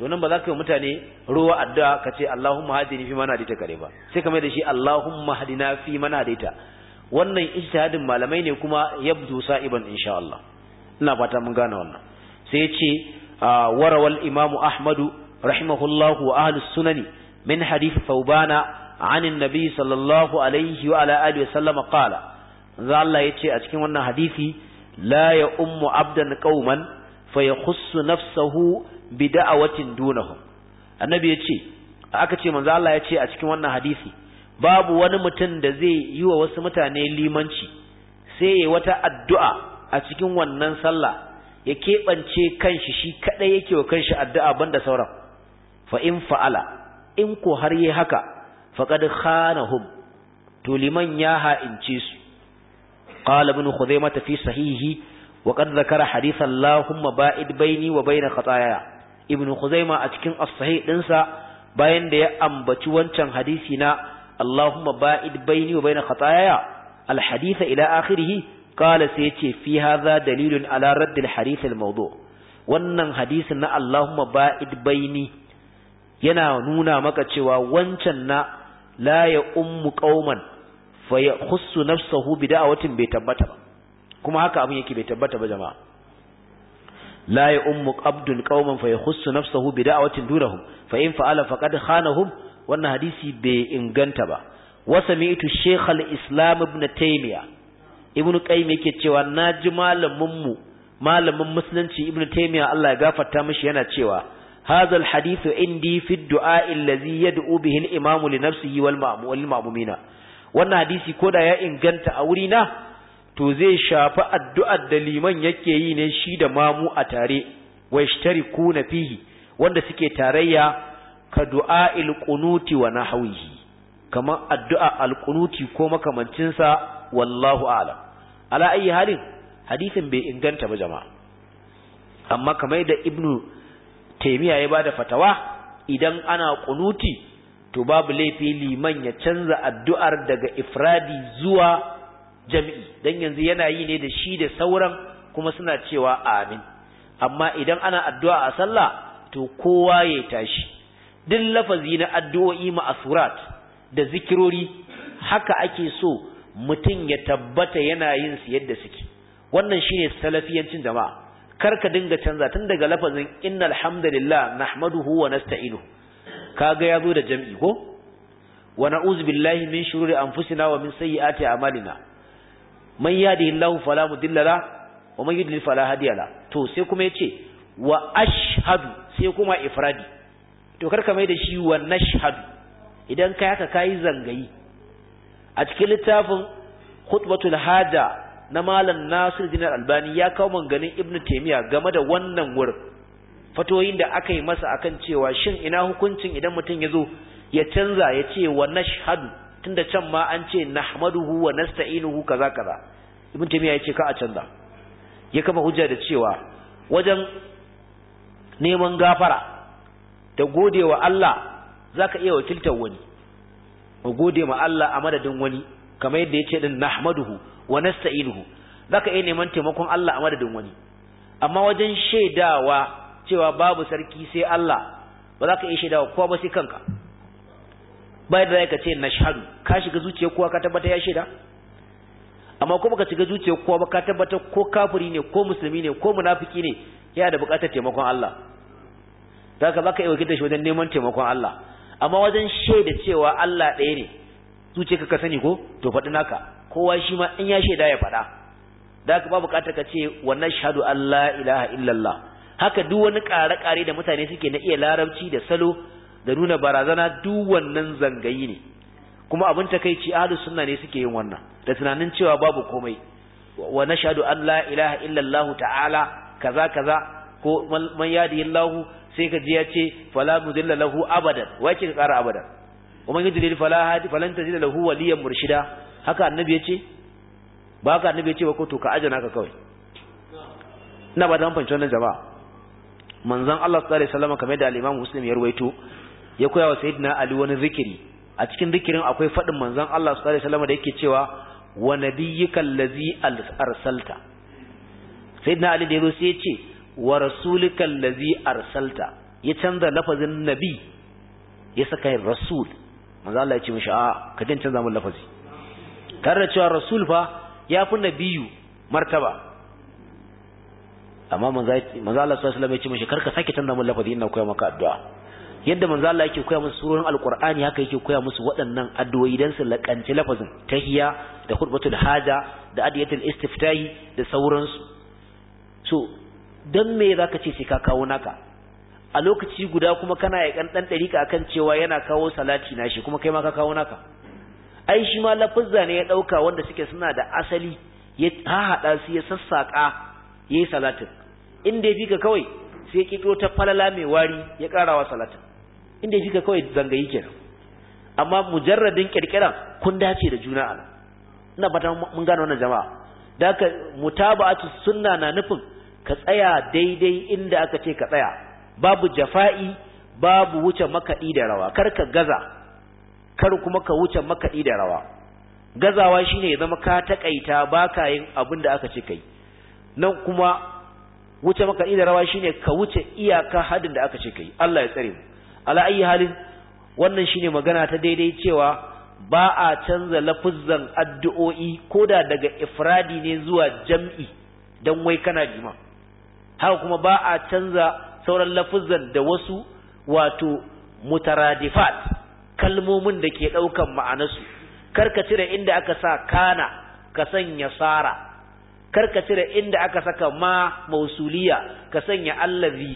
to nan ba za ka yi mutane ruwa addu'a ka ce Allahumma hadini fi mana dita kare ba sai ka mai da shi Allahumma hadina fi mana dita wannan ijtihadin malamai ne kuma yabdu sa'iban insha Allah ina fata mun gane wannan sai yace warawal imamu ahmadu rahimahullahu wa ahlus sunani min hadith faubana عن النبي صلى الله عليه وعلى آله وسلم قال ذا الله يتشي أتكين وانا حديثي لا يؤم عبدا قوما فيخص نفسه بدعوة دونهم النبي يتشي akace manzo Allah ya ce a cikin wannan hadisi babu wani mutum da zai yi wa wasu mutane limanci sai ya wata addu'a a cikin wannan sallah ya keɓance kanshi shi kaɗai yake wa kanshi addu'a banda sauran fa in fa'ala in ko har yi haka faqad khanahum to liman ya ha'ince su qala ibn khuzaimah fi sahihi wa qad zakara hadith allahumma ba'id baini wa bain khataaya ibn khuzaimah a cikin as-sahih dinsa bayan da ya ambaci wancan hadisi na allahumma ba'id baini wa bain khataaya al-hadith ila akhirih qala sai yace fi hadha dalilun ala radd al-hadith al-mawdu wannan hadisin na allahumma ba'id baini yana nuna maka cewa wancan na la ya ummu qauman fa ya khussu nafsahu bi da'awatin bai tabbata ba kuma haka abin yake bai tabbata ba jama'a la ya ummu abdun qauman fa ya khussu nafsahu bi da'awatin durahum fa in fa'ala faqad khanahum wannan hadisi bai inganta ba wa sami'tu shaykh al-islam ibn taymiya ibn qayyim yake cewa naji malamin mu malamin musulunci ibn taymiya Allah ya gafarta mishi yana cewa هذا الحديث عندي في الدعاء الذي يدعو به الإمام لنفسه والمأمومين wannan hadisi ko da ya inganta a wuri na to zai shafi addu'ar da liman yake yi ne shi da mamu a tare wa yashtariku fihi wanda suke tarayya ka du'a ilkunuti wa nahwihi kamar addu'a alkunuti ko makamancinsa wallahu ala ayi halin hadisin bai inganta ba jama'a amma kamar da ibnu taimiya ya bada fatawa idan ana kunuti to babu laifi liman ya canza addu'ar daga ifradi zuwa jami'i dan yanzu yana yi ne da shi da sauran kuma suna cewa amin amma idan ana addu'a a sallah to kowa ya tashi duk lafazi na addu'o'i ma'asurat da zikirori haka ake so mutum ya tabbata yana yin su yadda suke wannan shine salafiyancin jama'a Kar ka dinga canza tun daga lafazin innal hamdalillah nahmaduhu wa nasta'inuhu kaga zo da jam'i ko wa na'uzu billahi min shururi anfusina wa min sayyiati a'malina man yahdihillahu fala mudilla la wa man yudlil fala hadiya la to sai kuma yace wa ashhadu sai kuma ifradi to karka mai da shi wa nashhadu idan kai haka kai zangayi a cikin littafin khutbatul hada na malam Nasir Dinar Albani ya kawo ganin Ibn taimiya game da wannan wurin fatoyin da aka yi masa akan cewa shin ina hukuncin idan mutum ya zo ya canza ya ce wa nashhadu tunda can ma an ce nahmaduhu wa nasta'inuhu kaza kaza Ibn taimiya ya ce ka a canza ya kafa hujja da cewa wajen neman gafara da gode wa Allah za ka iya wakiltar wani mu gode ma Allah a madadin wani kamar yadda ya ce din nahmaduhu wa nasta'inuhu zaka iya neman taimakon Allah a madadin wani amma wajen shaidawa cewa babu sarki sai Allah ba za ka iya shaidawa kowa ba sai kanka bai da ka ce nashhadu ka shiga zuciyar kowa ka tabbata ya shaida amma ko baka shiga zuciyar kowa ba ka tabbata ko kafiri ne ko musulmi ne ko munafiki ne yana da buƙatar taimakon Allah zaka zaka iya wakiltar shi wajen neman taimakon Allah amma wajen shaida cewa Allah ɗaya ne zuciyarka ka sani ko to faɗi naka kowa shi ma in ya shaida ya faɗa da ka ba bukatar ka ce wa nashhadu an la ilaha illallah haka duk wani ƙare-ƙare da mutane suke na iya larabci da salo da nuna barazana duk wannan zangayi ne kuma abin takeici ahlus sunna ne suke yin wannan da tunanin cewa babu komai wa nashhadu an la ilaha illallah ta'ala kaza kaza ko man yadihillahu sai ka ji ya ce fala mudilla lahu abadan wai ka ƙara abadan yin dalil fala hadi Falanta, تجد lahu وليا murshida haka annabi ya ce ba haka annabi ya ce ba ko to ka ajana ka kawai ina ba ta fahimci wannan jama'a manzon Allah sallallahu alaihi wasallam kamar da al-Imam Muslim ya ruwaito ya koya wa sayyidina Ali wani zikiri a cikin zikirin akwai fadin manzon Allah sallallahu alaihi wasallam da yake cewa wa nabiyyikal ladzi arsalta sayyidina Ali da yazo sai ya ce wa rasulikal ladzi arsalta ya canza lafazin nabi ya saka rasul manzon Allah ya ce mishi a ka canza mun lafazi tare da cewa rasul fa ya fi nabiyu martaba amma manzo Allah sallallahu alaihi wasallam ya ce mishi karka sake canza mun lafazi ina koya maka addu'a yadda manzo Allah yake koya musu surorin alqur'ani haka yake koya musu waɗannan addu'o'i dan su lakanci lafazin tahiyya da khutbatul haja da adiyatul istiftahi da sauransu so dan me zaka ce sai ka kawo naka a lokaci guda kuma kana yakan dan dariƙa akan cewa yana kawo salati shi kuma kai ma ka kawo naka ai shi ma lafuzza ne ya ɗauka wanda suke suna da asali ya haɗa su ya sassaƙa ya yi salatin da ya fika kawai sai ya ta falala mai wari ya ƙarawa salatin da ya fika kawai zangayi kenan amma mujarradin ƙirƙira kun dace da juna ala ina fata mun gane wannan jama'a da ka mutaba'atu sunna na nufin ka tsaya daidai inda aka ce ka tsaya babu jafa'i babu wuce makaɗi da rawa kar ka gaza kar kuma ka wuce makaɗi da rawa gazawa shine ya zama ka taƙaita baka yin abin da aka ce kai nan kuma wuce makaɗi da rawa shine ka wuce iyaka hadin da aka ce kai Allah ya tsare mu ala ayi halin wannan shine magana ta daidai cewa ba a canza lafuzzan addu'o'i koda daga ifradi ne zuwa jam'i dan wai kana jima haka kuma ba a canza sauran lafuzzan da wasu wato mutaradifat kalmomin da ke ɗaukan ma'anarsu karka cire inda aka sa kana ka sanya sara karka cire inda aka saka ma mausuliya ka sanya allazi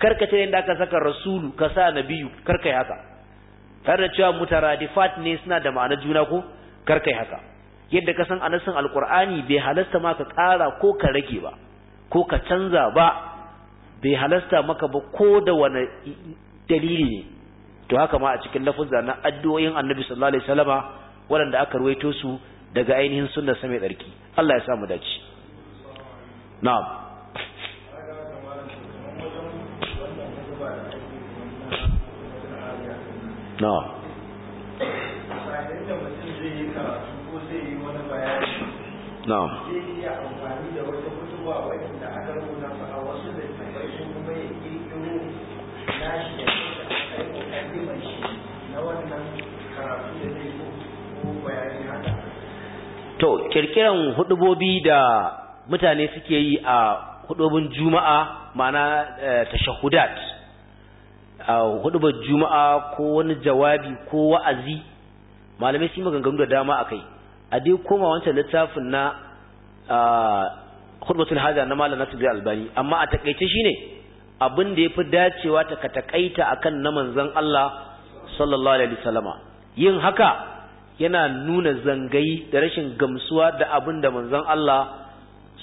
karka cire inda aka saka rasulu ka sa nabiyu karka yi haka tare da cewa mutaradifat ne suna da ma'ana juna ko karka yi haka yadda ka san anasin alkur'ani bai halasta ma ka ƙara ko ka rage ba ko ka canza ba bai halasta maka ba ko da wani dalili ne to haka ma a cikin lafuzza na addu'o'in annabi sallallahu alaihi wasallama waɗanda aka ruwaito su daga ainihin sunnar sa mai tsarki Allah ya sa mu dace na'am na'am na'am to kirkiran hudubobi da mutane suke yi a hudubin juma'a ma'ana eh, tashahudat a hudubar juma'a ko wani jawabi ko wa'azi malamai su maganganu da dama akai a dai koma wancan littafin na hudubatul hada na malam nasu albani amma a takaice shine abin da ya fi dacewa ta ka takaita akan na manzon Allah sallallahu alaihi wasallama yin haka yana nuna zangayi da rashin gamsuwa da abin da manzon Allah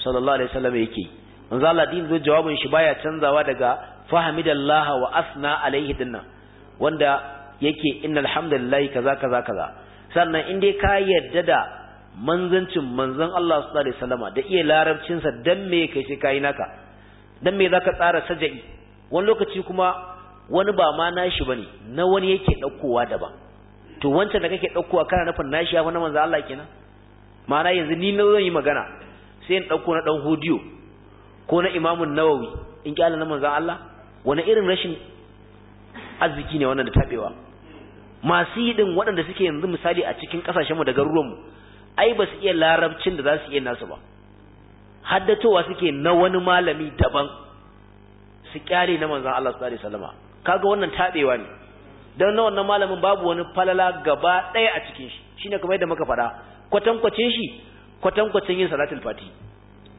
sallallahu alaihi wasallam yake manzon Allah din zo jawabin shi baya canzawa daga fahimidallah wa asna alaihi dinna wanda yake innal hamdalillah kaza kaza kaza sannan in dai ka yarda da manzancin manzon Allah sallallahu alaihi wasallam da iya larabcin sa dan me kai shi kai naka dan me zaka tsara sajadi wani lokaci kuma wani ba ma nashi bane na wani yake daukowa daban to wancan da kake a kana nufin nashi ya fi na manzo Allah kenan ma'ana yanzu ni na zan yi magana sai in ɗauko na ɗan hodiyo ko na imamun nawawi in ƙyala na manzo Allah wani irin rashin arziki ne wannan da taɓewa masu yi din waɗanda suke yanzu misali a cikin ƙasashenmu da mu ai ba su iya larabcin da za su iya nasu ba haddatowa suke na wani malami daban su kyale na manzo Allah sallallahu alaihi wasallam kaga wannan taɓewa ne don na wannan malamin babu wani falala gaba ɗaya a cikin shi shine kamar yadda muka faɗa kwatankwacin shi kwatankwacin yin salatul fati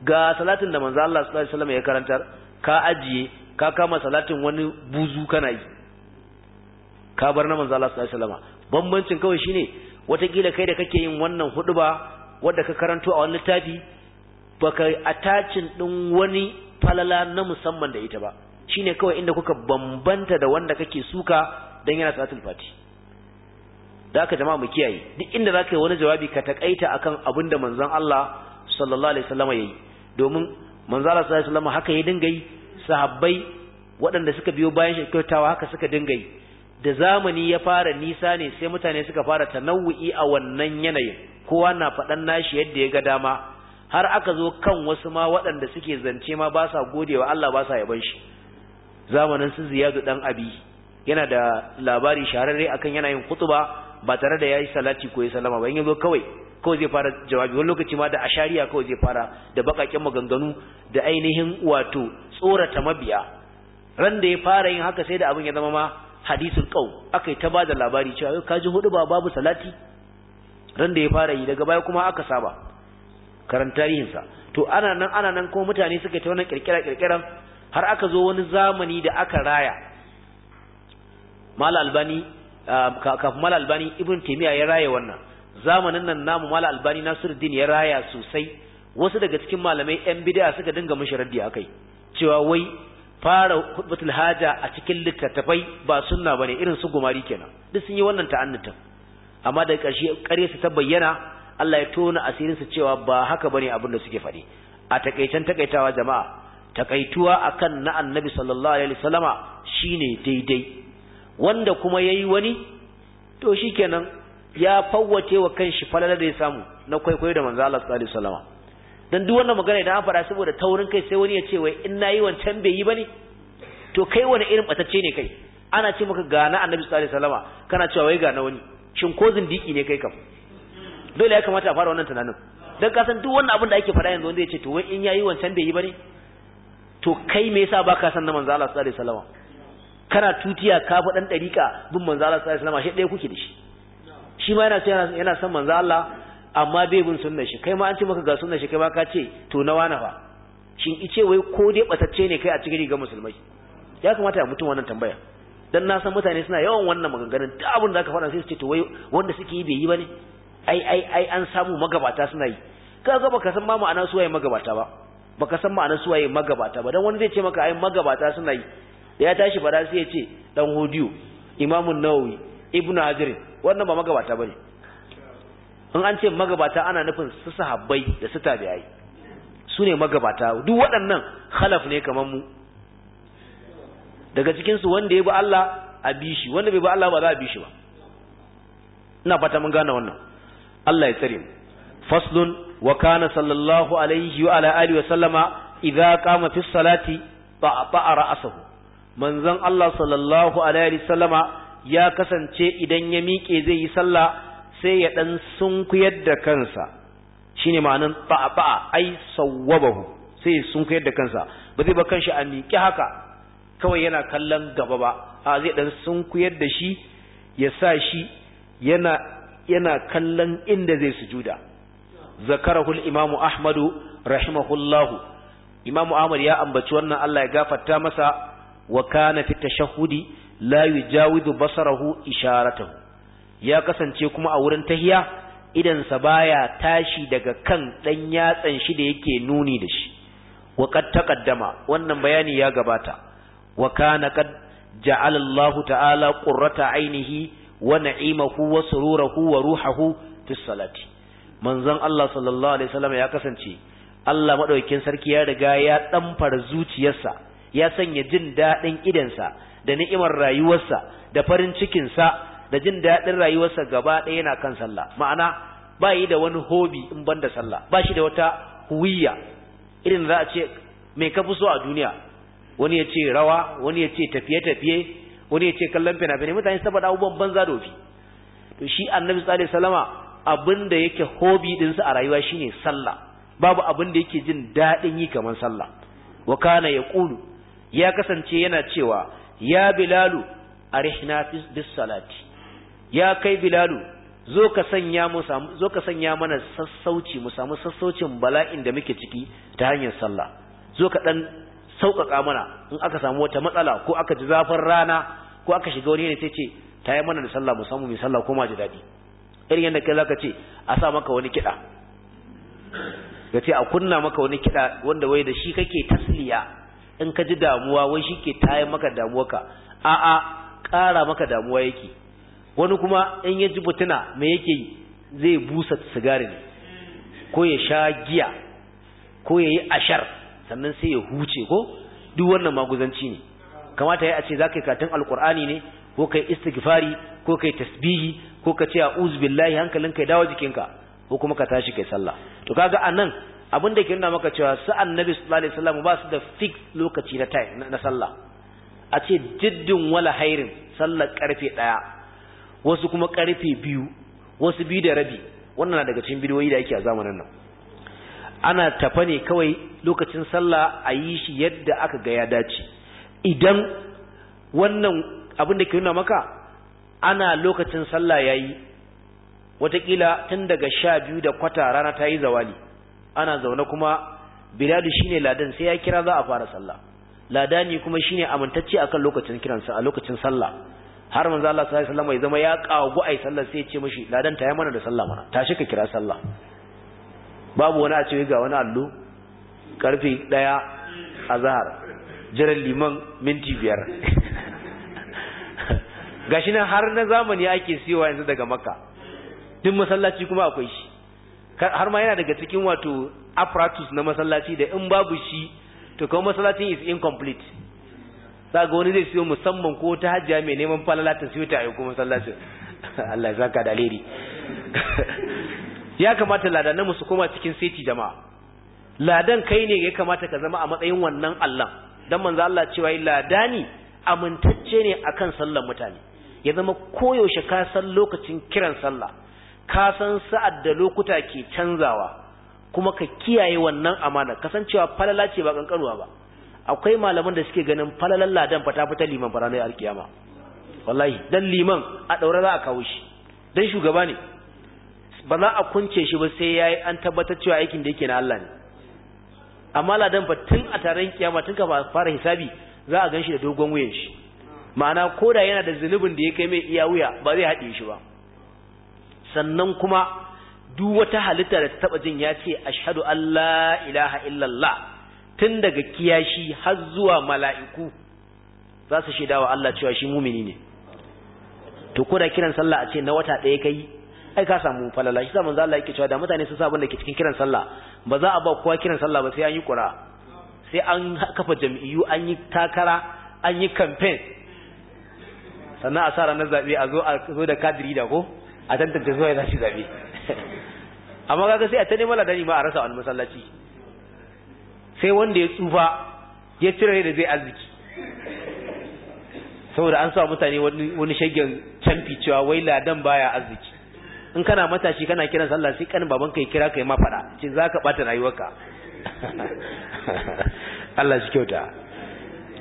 ga salatin da manzo Allah sallallahu alaihi ya karantar ka ajiye ka kama salatin wani buzu kana yi ka bar na manzo Allah sallallahu alaihi wasallam bambancin kawai shine watakila kai da kake yin wannan huduba wanda ka karanto a wani littafi baka attachin din wani falala na musamman da ita ba shine kawai inda kuka bambanta da wanda kake suka dan yana salatul fati da aka jama'a mu kiyaye duk inda zaka yi wani jawabi ka takaita akan abinda da manzon Allah sallallahu alaihi wasallam yayi domin manzon Allah sallallahu alaihi wasallam haka ya dinga yi sahabbai waɗanda suka biyo bayan shi kyautawa haka suka dinga yi da zamani ya fara nisa ne sai mutane suka fara tanawu'i a wannan yanayin kowa na faɗan nashi yadda ya ga dama har aka zo kan wasu ma waɗanda suke zance ma ba sa gode Allah ba sa yabon shi zamanin su ziyadu dan abi yana da labari shahararre akan yana yin kutuba ba tare da yayi salati ko ya sallama ba in yazo kawai kawai zai fara jawabi wani lokaci ma da ashariya kawai zai fara da bakakken maganganu da ainihin wato tsorata mabiya ran da ya fara yin haka sai da abin ya zama ma hadisul qaw akai ta bada labari cewa ka ji hudu ba babu salati ran da ya fara yi daga baya kuma aka saba karan tarihinsa to ana nan ana nan kuma mutane suka ta wannan kirkira kirkiran har aka zo wani zamani da aka raya mala albani ah, kafin mala albani ibn taymiya ya raya wannan zamanin nan namu mala albani nasiruddin ya raya sosai wasu daga cikin malamai yan bid'a suka dinga mishi raddi akai cewa wai fara khutbatul haja a cikin littattafai ba sunna bane irin su gumari kenan duk sun yi wannan ta'annuta amma daga ƙarshe kare su ta bayyana Allah ya tona asirin su cewa ba haka bane abin da suke faɗi a takaitan takaitawa jama'a takaituwa akan na annabi sallallahu alaihi wasallama shine daidai wanda kuma ya yi wani to shikenan ya fawwace wa kanshi falalar da ya samu na kwaikwayo da manzo Allah sallallahu alaihi wasallam dan duk wannan magana idan an faɗa saboda taurin kai sai wani ya ce wai in nayi wancan bai yi bane to kai wani irin batacce ne kai ana ce maka ga na annabi sallallahu alaihi wasallam kana cewa wai ga na wani shin ko zindiki ne kai kam dole ya kamata a fara wannan tunanin dan ka san duk wannan abin da ake faɗa yanzu wanda ya ce to wai in yayi wancan bai yi bane to kai me yasa baka san na manzo Allah sallallahu alaihi wasallam kana tutiya ka fi dan dariƙa bin manzo Allah sallallahu alaihi wasallam shi ɗaya kuke da shi shi ma yana yana yana son manzo Allah amma bai bin sunnar shi kai ma an ce maka ga sunnar shi kai ma ka ce to na wani fa shin ice wai ko dai batacce ne kai a cikin rigar musulmai ya kamata ya mutum wannan tambaya dan na san mutane suna yawan wannan maganganun duk abin da aka faɗa sai su ce to wai wanda suke yi bai yi bane ai ai ai an samu magabata suna yi kaga baka san ma ma'ana suwaye magabata ba baka san ma'ana suwaye magabata ba dan wani zai ce maka ai magabata suna yi da ya tashi fara sai ya ce dan hodiyo imamun nawawi ibnu hajar wannan ba magabata bane in an ce magabata ana nufin su sahabbai da su tabi'ai su ne magabata duk waɗannan khalaf ne kamar mu daga cikin su wanda ya bi Allah a bi shi wanda bai bi Allah ba za a bi shi ba ina fata mun gane wannan Allah ya tsare mu faslun wa kana sallallahu alaihi wa ala alihi wa sallama idza qama fi salati ta'ara asahu manzon Allah sallallahu alaihi wasallama ya kasance idan ya miƙe zai yi sallah sai ya dan sunkuyar da kansa shine ma'anan ba'a ai sawwabahu sai sunkuyar da kansa ba zai ba kanshi a miƙe haka kawai yana kallon gaba ba a zai dan sunkuyar da shi ya sa shi yana yana kallon inda zai sujuda zakarahul imamu ahmadu rahimahullahu imamu ahmad ya ambaci wannan Allah ya gafarta masa wa kana fi tashahhudi la yujawidu basarahu isharatahu ya kasance kuma a wurin tahiya idan sa baya tashi daga kan dan yatsan shi da yake nuni da shi wa qad taqaddama wannan bayani ya gabata wa kana qad ja'ala Allahu ta'ala qurrata ainihi wa na'imahu wa sururahu wa ruhahu fi salati manzon Allah sallallahu alaihi wasallam ya kasance Allah madaukakin sarki ya riga ya damfara zuciyarsa ya sanya jin daɗin idansa da ni'imar rayuwarsa da farin cikinsa da jin daɗin rayuwarsa gaba ɗaya yana kan sallah ma'ana ba yi da wani hobi in ban da sallah ba shi da wata huwiya irin za a ce mai ka fi so a duniya wani ya ce rawa wani ya ce tafiye-tafiye wani ya ce kallon fina-finai mutane saboda abubuwan banza dofi to shi annabi sallallahu salama abin da yake hobi ɗinsa a rayuwa shine sallah babu abin da yake jin daɗin yi kamar sallah wa kana yaqulu ya kasance yana cewa ya bilalu arihna bis salati ya kai bilalu zo ka sanya mu zo ka sanya mana sassauci mu samu sassaucin bala'in da muke ciki ta hanyar sallah zo ka dan sauƙaƙa mana in aka samu wata matsala ko aka ji zafin rana ko aka shiga wani ne sai ce ta yi mana da sallah mu samu mai sallah ko ma ji daɗi irin yadda kai zaka ce a sa maka wani kiɗa ya ce a kunna maka wani kiɗa wanda wai da shi kake tasliya in ka ji damuwa wai shi ke taya maka damuwarka a'a ƙara maka damuwa yake wani kuma in ya ji butuna mai yake zai busa sigari ne ko ya sha giya ko ya yi ashar sannan sai ya huce ko duk wannan maguzanci ne kamata ya ce za ka yi katin alkur'ani ne ko ka yi istighfari ko ka yi tasbihi ko ka ce a a'udhu billahi hankalinka ya dawo jikinka ko kuma ka tashi kai sallah to kaga anan abin da ke nuna maka cewa su annabi sallallahu alaihi ba su da fix lokaci na time na sallah a ce jiddin wala hairin sallar karfe ɗaya wasu kuma karfe biyu wasu biyu da rabi wannan na daga cikin bidiyoyi da yake a zamanin nan ana tafa ne kawai lokacin sallah a yi shi yadda aka ga ya dace idan wannan abin da ke nuna maka ana lokacin sallah yayi wataƙila tun daga sha biyu da kwata rana ta yi zawali ana zaune kuma biladu shine ladan sai ya kira za a fara sallah ladani kuma shine amintacce akan lokacin kiransa a lokacin sallah har manzo Allah sallallahu alaihi wasallam ya zama ya kagu ai sallah sai ya ce mishi ladan ta yi mana da sallah mana tashi ka kira sallah babu wani a ce ga wani allo karfe 1 azhar jiran liman minti biyar [laughs] gashi nan har na zamani ake siyowa yanzu daga makka duk masallaci kuma akwai shi har ma yana daga cikin wato apparatus na masallaci da in babu shi to kuma masallacin is incomplete za ga wani zai siyo musamman ko ta hajjiya mai neman falala ta siyo ta aiko masallacin [laughs] Allah ya saka da alheri [laughs] ya kamata ladanan mu su koma cikin seti jama'a ladan kai ne ya kamata ka zama a matsayin wannan Allah dan manzo Allah cewa ladani amintacce ne akan sallar mutane ya zama koyaushe ka san lokacin kiran sallah ka san sa'ad da lokuta ke canzawa kuma ka kiyaye wannan amana kasancewa falala ce ba kankanuwa ba akwai malaman da suke ganin falalan ladan fata fata liman fara alkiyama wallahi dan liman a daura za a kawo shi dan shugaba ne ba za a kunce shi ba sai yayi an tabbatar cewa aikin da yake na Allah ne amma ladan ba tun a taron kiyama tun ka fara hisabi za a ganshi da dogon wuyan shi ma'ana koda yana da zunubin da ya kai mai iya wuya ba zai haɗe shi ba sannan kuma duk wata halitta da ta taba jin ya ce ashhadu an la ilaha illallah tun daga kiyashi har zuwa mala'iku za su shaida wa Allah cewa shi mumini ne to ko da kiran sallah a ce na wata ɗaya kai ai ka samu falala shi zaman Allah yake cewa da mutane sun sa abin da ke cikin kiran sallah ba za a ba kowa kiran sallah ba sai an yi kura sai an kafa jam'iyyu an yi takara an yi campaign sannan a sa ranar zaɓe a zo a zo da kadiri da ko a tantance zuwa ya su zabe amma kaga sai a ta neman ladani ba a rasa wani masallaci sai wanda ya tsufa ya cire da zai arziki saboda an sa mutane wani shagen canfi cewa wai ladan baya arziki in kana matashi kana kiran sallah sai kanin ka ya kira ka yi ma fada ce za ka ɓata rayuwarka [laughs] Allah shi kyauta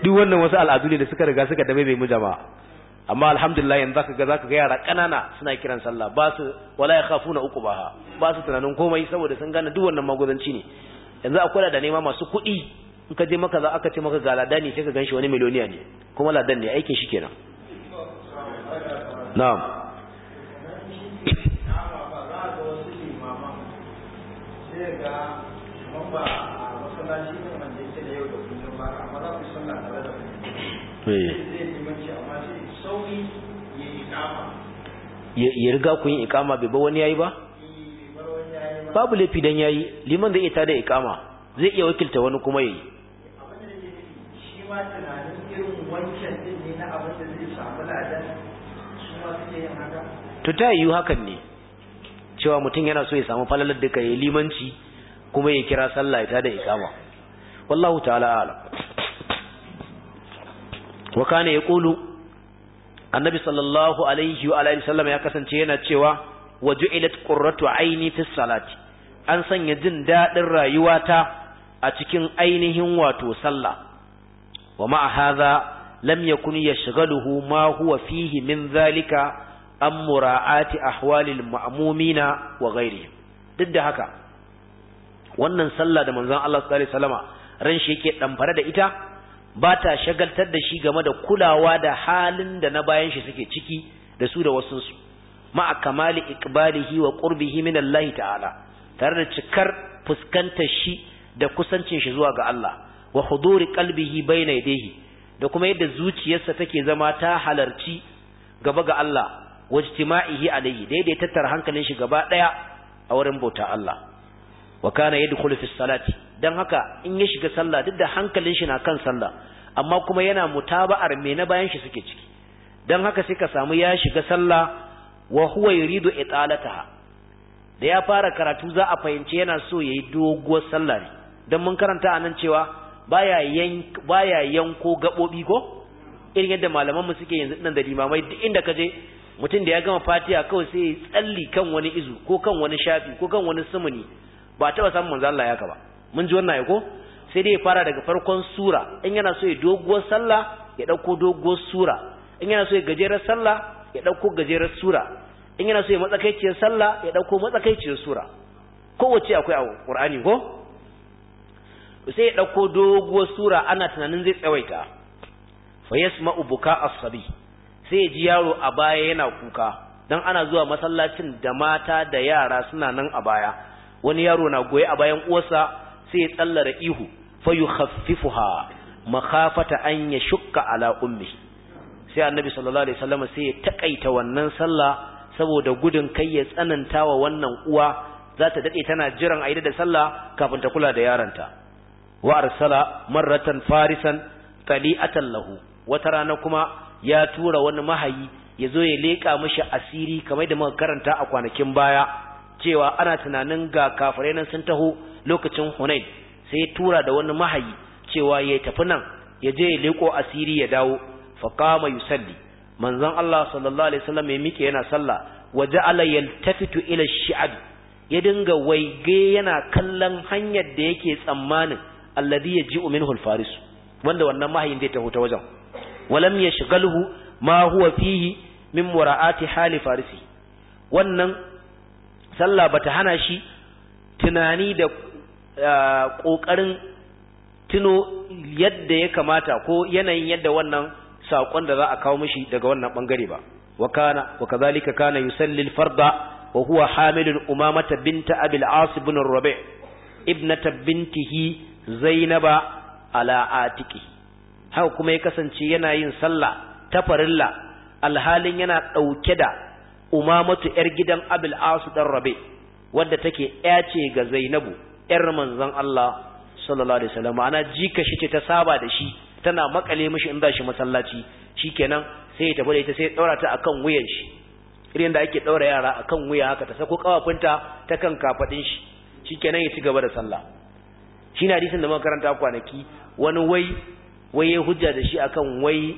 duk wannan wasu al'adu ne da suka riga suka dame mai mu jama'a amma alhamdulillah yanzu zaka ga zaka ga yara kanana suna kiran sallah ba su wala yakhafuna uqbaha ba su tunanin komai saboda sun gane duk wannan magudanci ne yanzu akwai da nema masu kuɗi in ka je maka za aka ce maka ga ladani sai ka ganshi wani miliyoniya ne kuma ladan ne aikin shi kenan na'am Yeah. ya riga ku yin ikama bai ba wani yayi ba babu laifi dan yayi liman zai iya da ikama zai iya wakilta wani kuma yayi to ta yiwu hakan ne cewa mutum yana so ya samu falalar da ya limanci kuma ya kira sallah ya tada ikama wallahu ta'ala alam wa kana yaqulu annabi sallallahu alaihi wa alihi ya kasance yana cewa waju'ilat qurratu aini fi salati an sanya jin dadin rayuwata a cikin ainihin wato sallah wa ma hadha lam yakun yashghaluhu ma huwa fihi min zalika an mura'ati ahwalil ma'mumina wa ghairihim duk da haka wannan sallah da manzon Allah sallallahu alaihi wasallama ran shi yake damfare da ita ba ta shagaltar da shi game da kulawa da halin da na bayan shi suke ciki da su da wasunsu ma'a kamali iqbalihi wa qurbihi min Allah ta'ala tare da cikar fuskantar shi da kusancin shi zuwa ga Allah wa huduri qalbihi bayna yadayhi da kuma yadda zuciyarsa take zama ta halarci gaba ga Allah wajtima'ihi alayhi daidai tattara hankalin shi gaba daya a wurin bauta Allah wa kana yadkhulu fi salati dan haka in ya shiga sallah duk da hankalin shi na kan sallah amma kuma yana mutaba'ar me na bayan shi suke ciki dan haka sai ka samu ya shiga sallah wa huwa yuridu italataha da ya fara karatu za a fahimci yana so ya yi doguwar sallah ne dan mun karanta anan cewa baya yan baya yanko gabobi ko irin yadda malaman mu suke yanzu nan da limamai duk inda ka je mutum da ya gama fatiha kawai sai ya tsalli kan wani izu ko kan wani shafi ko kan wani sumuni ba taɓa samun manzo Allah ya ka ba mun ji wannan ko sai dai ya fara daga farkon sura in yana so ya doguwar sallah ya dauko doguwar sura in yana so ya gajerar sallah ya ɗauko gajerar sura in yana so ya matsakaiciyar sallah ya dauko matsakaiciyar sura kowace akwai a ƙur'ani ko sai ya ɗauko doguwar sura ana tunanin zai tsawaita fa yasma'u buka as sai ya ji yaro a baya yana kuka dan ana zuwa masallacin da mata da yara suna nan a baya wani yaro na goye a bayan uwarsa sai tsallara ihu fa yukhaffifuha makhafata an yashqa ala ummi sai annabi sallallahu alaihi wasallam sai ya takaita wannan sallah saboda gudun kai ya tsanantawa wannan uwa za ta dade tana jiran yi da sallah kafin ta kula da yaranta wa arsala marratan farisan qali'atan lahu wata rana kuma ya tura wani mahayi ya zo ya leƙa mishi asiri kamar da muka karanta a kwanakin baya cewa ana tunanin ga kafirai nan sun taho lokacin Hunain sai tura da wani mahayi cewa ya tafi nan ya je ya leko asiri ya dawo fa qama yusalli manzon Allah sallallahu alaihi wasallam ya mike yana sallah wa ja'ala yaltafitu ila shi'ab ya dinga waige yana kallon hanyar da yake tsammanin alladhi yaji'u minhu al-faris wanda wannan mahayin zai taho ta wajen walam yashghaluhu ma huwa fihi min mura'ati hali farisi wannan sallah bata hana shi tunani da ah, ƙoƙarin tuno yadda ya kamata ko yanayin yadda wannan saƙon da za a kawo mishi daga wannan ɓangare ba wa kana wa kazalika kana yusalli al-farda wa huwa hamilun umamata binta abil as ibn rabi' ibnata bintihi zainaba ala atiki haka kuma ya kasance yana yin sallah ta farilla alhalin yana ɗauke da umamatu yar gidan abul asu dan rabe wadda take ya ce ga zainabu yar manzon Allah sallallahu alaihi wasallam ana jika shi ce ta saba da shi tana makale mishi in za shi masallaci shikenan sai ya tafi da ita sai ya daura ta akan wuyan shi irin da ake daura yara akan wuya haka ta sako kawafinta ta kan kafadin shi shikenan ya ci gaba da sallah shi na hadisin da muka karanta kwanaki wani wai wai ya hujja da shi akan wai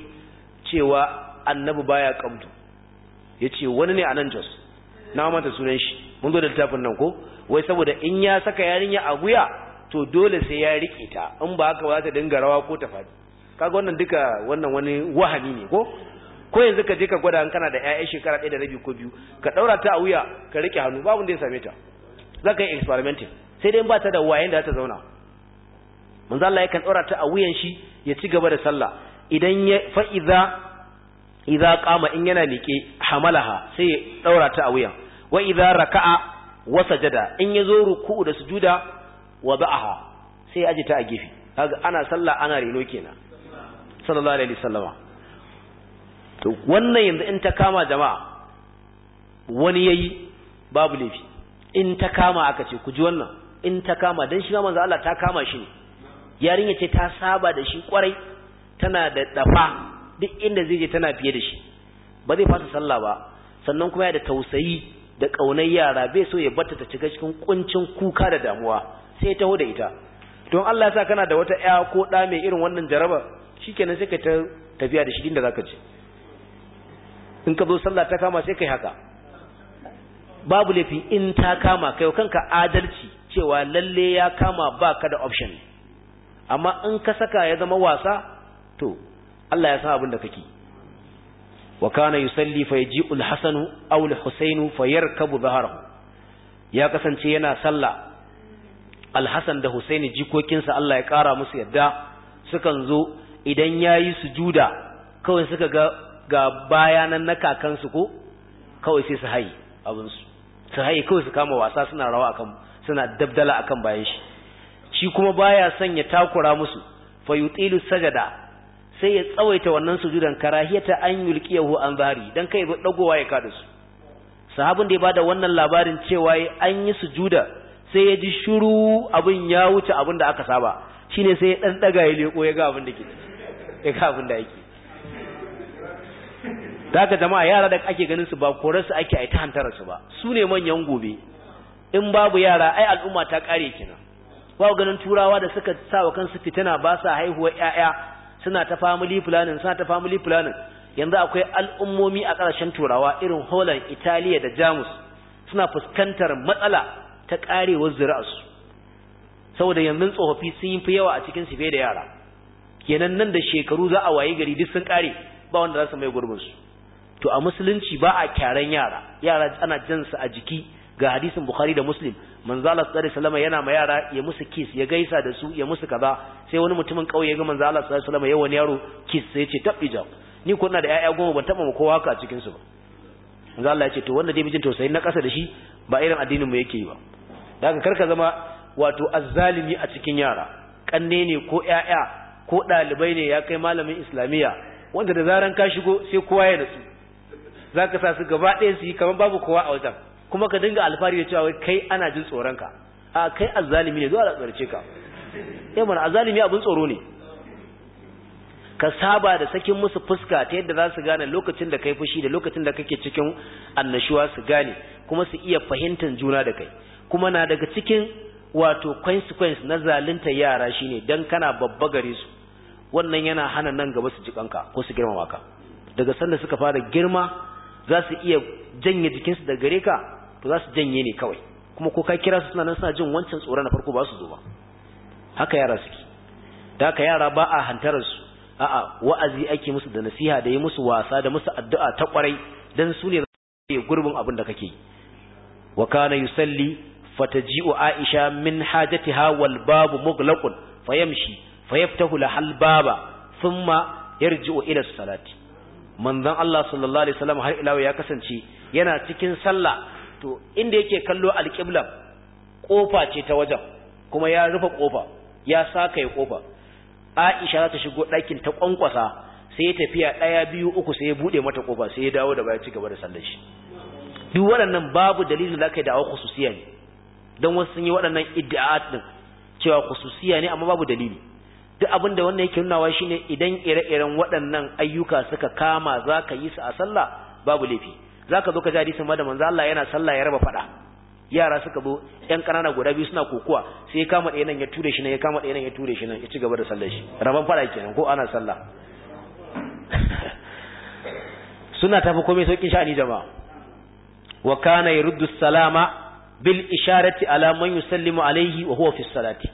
cewa annabi baya kamtu ya ce wani ne a nan Jos na manta sunan shi mun zo da littafin nan ko wai saboda in ya saka yarinya a wuya to dole sai ya rike ta in ba haka ba za ta dinga rawa ko ta fadi kaga wannan duka wannan wani wahani ne ko ko yanzu ka je ka gwada an kana da ƴaƴa shekara ɗaya da rabi ko biyu ka ɗaura ta a wuya ka rike hannu babu da ya same ta za ka yi experimenting sai dai in ba ta da wayen da ta zauna manzo Allah yakan ɗaura ta a wuyan shi ya ci gaba da sallah idan ya fa'iza idza qama in yana miƙe hamalaha sai ya daura ta a wuyan wa idza raka'a wa sajada in yazo ruku'u da sujuda wa ba'aha sai ya ajita a gefe kaga ana sallah ana reno kenan sallallahu alaihi wasallama to wannan yanzu in ta kama jama'a wani yayi babu laifi in ta kama aka ce ku ji wannan in ta kama dan shi manzo Allah ta kama shi ne yarinya ce ta saba da shi kwarai tana da dafa duk inda zai je tana fiye da shi ba zai fasa sallah ba sannan kuma ya da tausayi da ƙaunar yara bai so ya batta ta shiga cikin kuncin kuka da damuwa sai ya taho da ita don Allah ya sa kana da wata ƴa ko ɗa mai irin wannan jaraba shikenan sai ka ta tafiya da shi inda zaka je in ka zo sallah ta kama sai kai haka babu laifi in ta kama kai kanka adalci cewa lalle ya kama baka da option amma in ka saka ya zama wasa to Allah ya san abin da kake wa kana yusalli fa yaji al-hasanu aw al-husainu fa yarkabu dhahrahu ya kasance yana sallah al-hasan da husaini jikokinsa Allah ya kara musu yadda sukan zo idan yayi sujuda kawai suka ga ga bayanan na kakansu ko kawai sai su hayi abin su su hayi kawai su kama wasa suna rawa akan suna dabdala akan bayan shi shi kuma baya son ya takura musu fa yutilu sajada sai ya tsawaita wannan sujudan karahiyata an yulqiyahu an bari dan kai dagowa ya kada su sahabin da ya bada wannan labarin cewa an yi sujuda sai ya ji shiru abin ya wuce abin da aka saba shine sai ya dan daga ya leko ya ga abin da ke ya ga abin da yake daga jama'a yara da ake ganin su ba kore su ake ai ta hantara su ba su ne manyan gobe in babu yara ai al'umma ta kare kina ba ganin turawa da suka sa wa kansu fitina ba sa haihuwa ƴaƴa suna ta family planning suna ta family planning yanzu akwai al'ummomi a ƙarshen turawa irin Holland Italiya da Jamus suna fuskantar matsala ta karewar zuri'arsu saboda yanzu tsofaffi sun yi fi yawa a cikin su fiye da yara kenan nan da shekaru za a waye gari duk sun ƙare ba wanda za su mai gurbinsu to a musulunci ba a kyaran yara yara ana jan a jiki ga hadisin bukhari da muslim manzo Allah sallallahu alaihi yana ma yara ya musu kiss ya gaisa da su ya musu kaza sai wani mutumin kauye ga manzo Allah sallallahu alaihi wasallam ya wani yaro kiss sai ya ce tabija ni ko ina da yaya goma ban taba ma kowa haka a cikin su ba manzo Allah ya ce to wanda dai bijin tausayin na kasa da shi ba irin addinin mu yake yi ba daga karka zama wato azzalimi a cikin yara kanne ne ko yaya ko dalibai ne ya kai malamin islamiya wanda da zaran ka shigo sai kowa ya nutsu zaka sa su gaba ɗaya su yi kamar babu kowa a wajen kuma ka dinga alfari da cewa wai kai ana jin tsoron ka a kai azzalimi ne zuwa da tsarce ka eh mana azzalimi abin tsoro ne ka saba da sakin musu fuska ta yadda za su gane lokacin da kai fushi da lokacin da kake cikin annashuwa su gane kuma su iya fahimtar juna da kai kuma na daga cikin wato consequence na zalunta yara shine dan kana babba gare su wannan yana hana nan gaba su ji kanka ko su girma ka daga sanda suka fara girma za su iya janye jikinsu da gare ka to za su janye ne kawai kuma ko ka kira su suna nan suna jin wancan tsoro na farko ba su zo ba haka yara suke da haka yara ba a hantarar su a'a wa'azi ake musu da nasiha da yi musu wasa da musu addu'a ta kwarai dan su ne gurbin abin da kake yi wa kana yusalli fataji'u aisha min hajatiha wal babu muglaqun fayamshi fayaftahu halbaba baba thumma yarji'u ila salati manzon Allah sallallahu alaihi wasallam har ila ya kasance yana cikin sallah to inda yake kallo alƙibla ƙofa ce ta wajen kuma ya rufe ƙofa ya saka ya ƙofa aisha za ta shigo ɗakin ta ƙwanƙwasa sai ya tafiya ɗaya biyu uku sai ya buɗe mata ƙofa sai ya dawo da baya cigaba da sallar shi duk waɗannan babu dalilin da aka yi da'awar khususiya ne don wasu sun yi waɗannan iddia din cewa kususiya ne amma babu dalili duk abin da wannan yake nunawa shine idan ire-iren waɗannan ayyuka suka kama za ka yi su a sallah babu laifi zaka zo ka ji hadisin ma da manzo Allah yana sallah ya raba fada yara suka zo yan ƙanana guda biyu suna kokowa sai ya kama ɗayan nan ya ture shi nan ya kama ɗayan nan ya ture shi nan ya ci gaba da sallar shi raban fada kenan ko ana sallah [laughs] suna tafi komai saukin sha'ani jama'a wa kana yurdu salama bil isharati ala man yusallimu alayhi wa huwa fi salati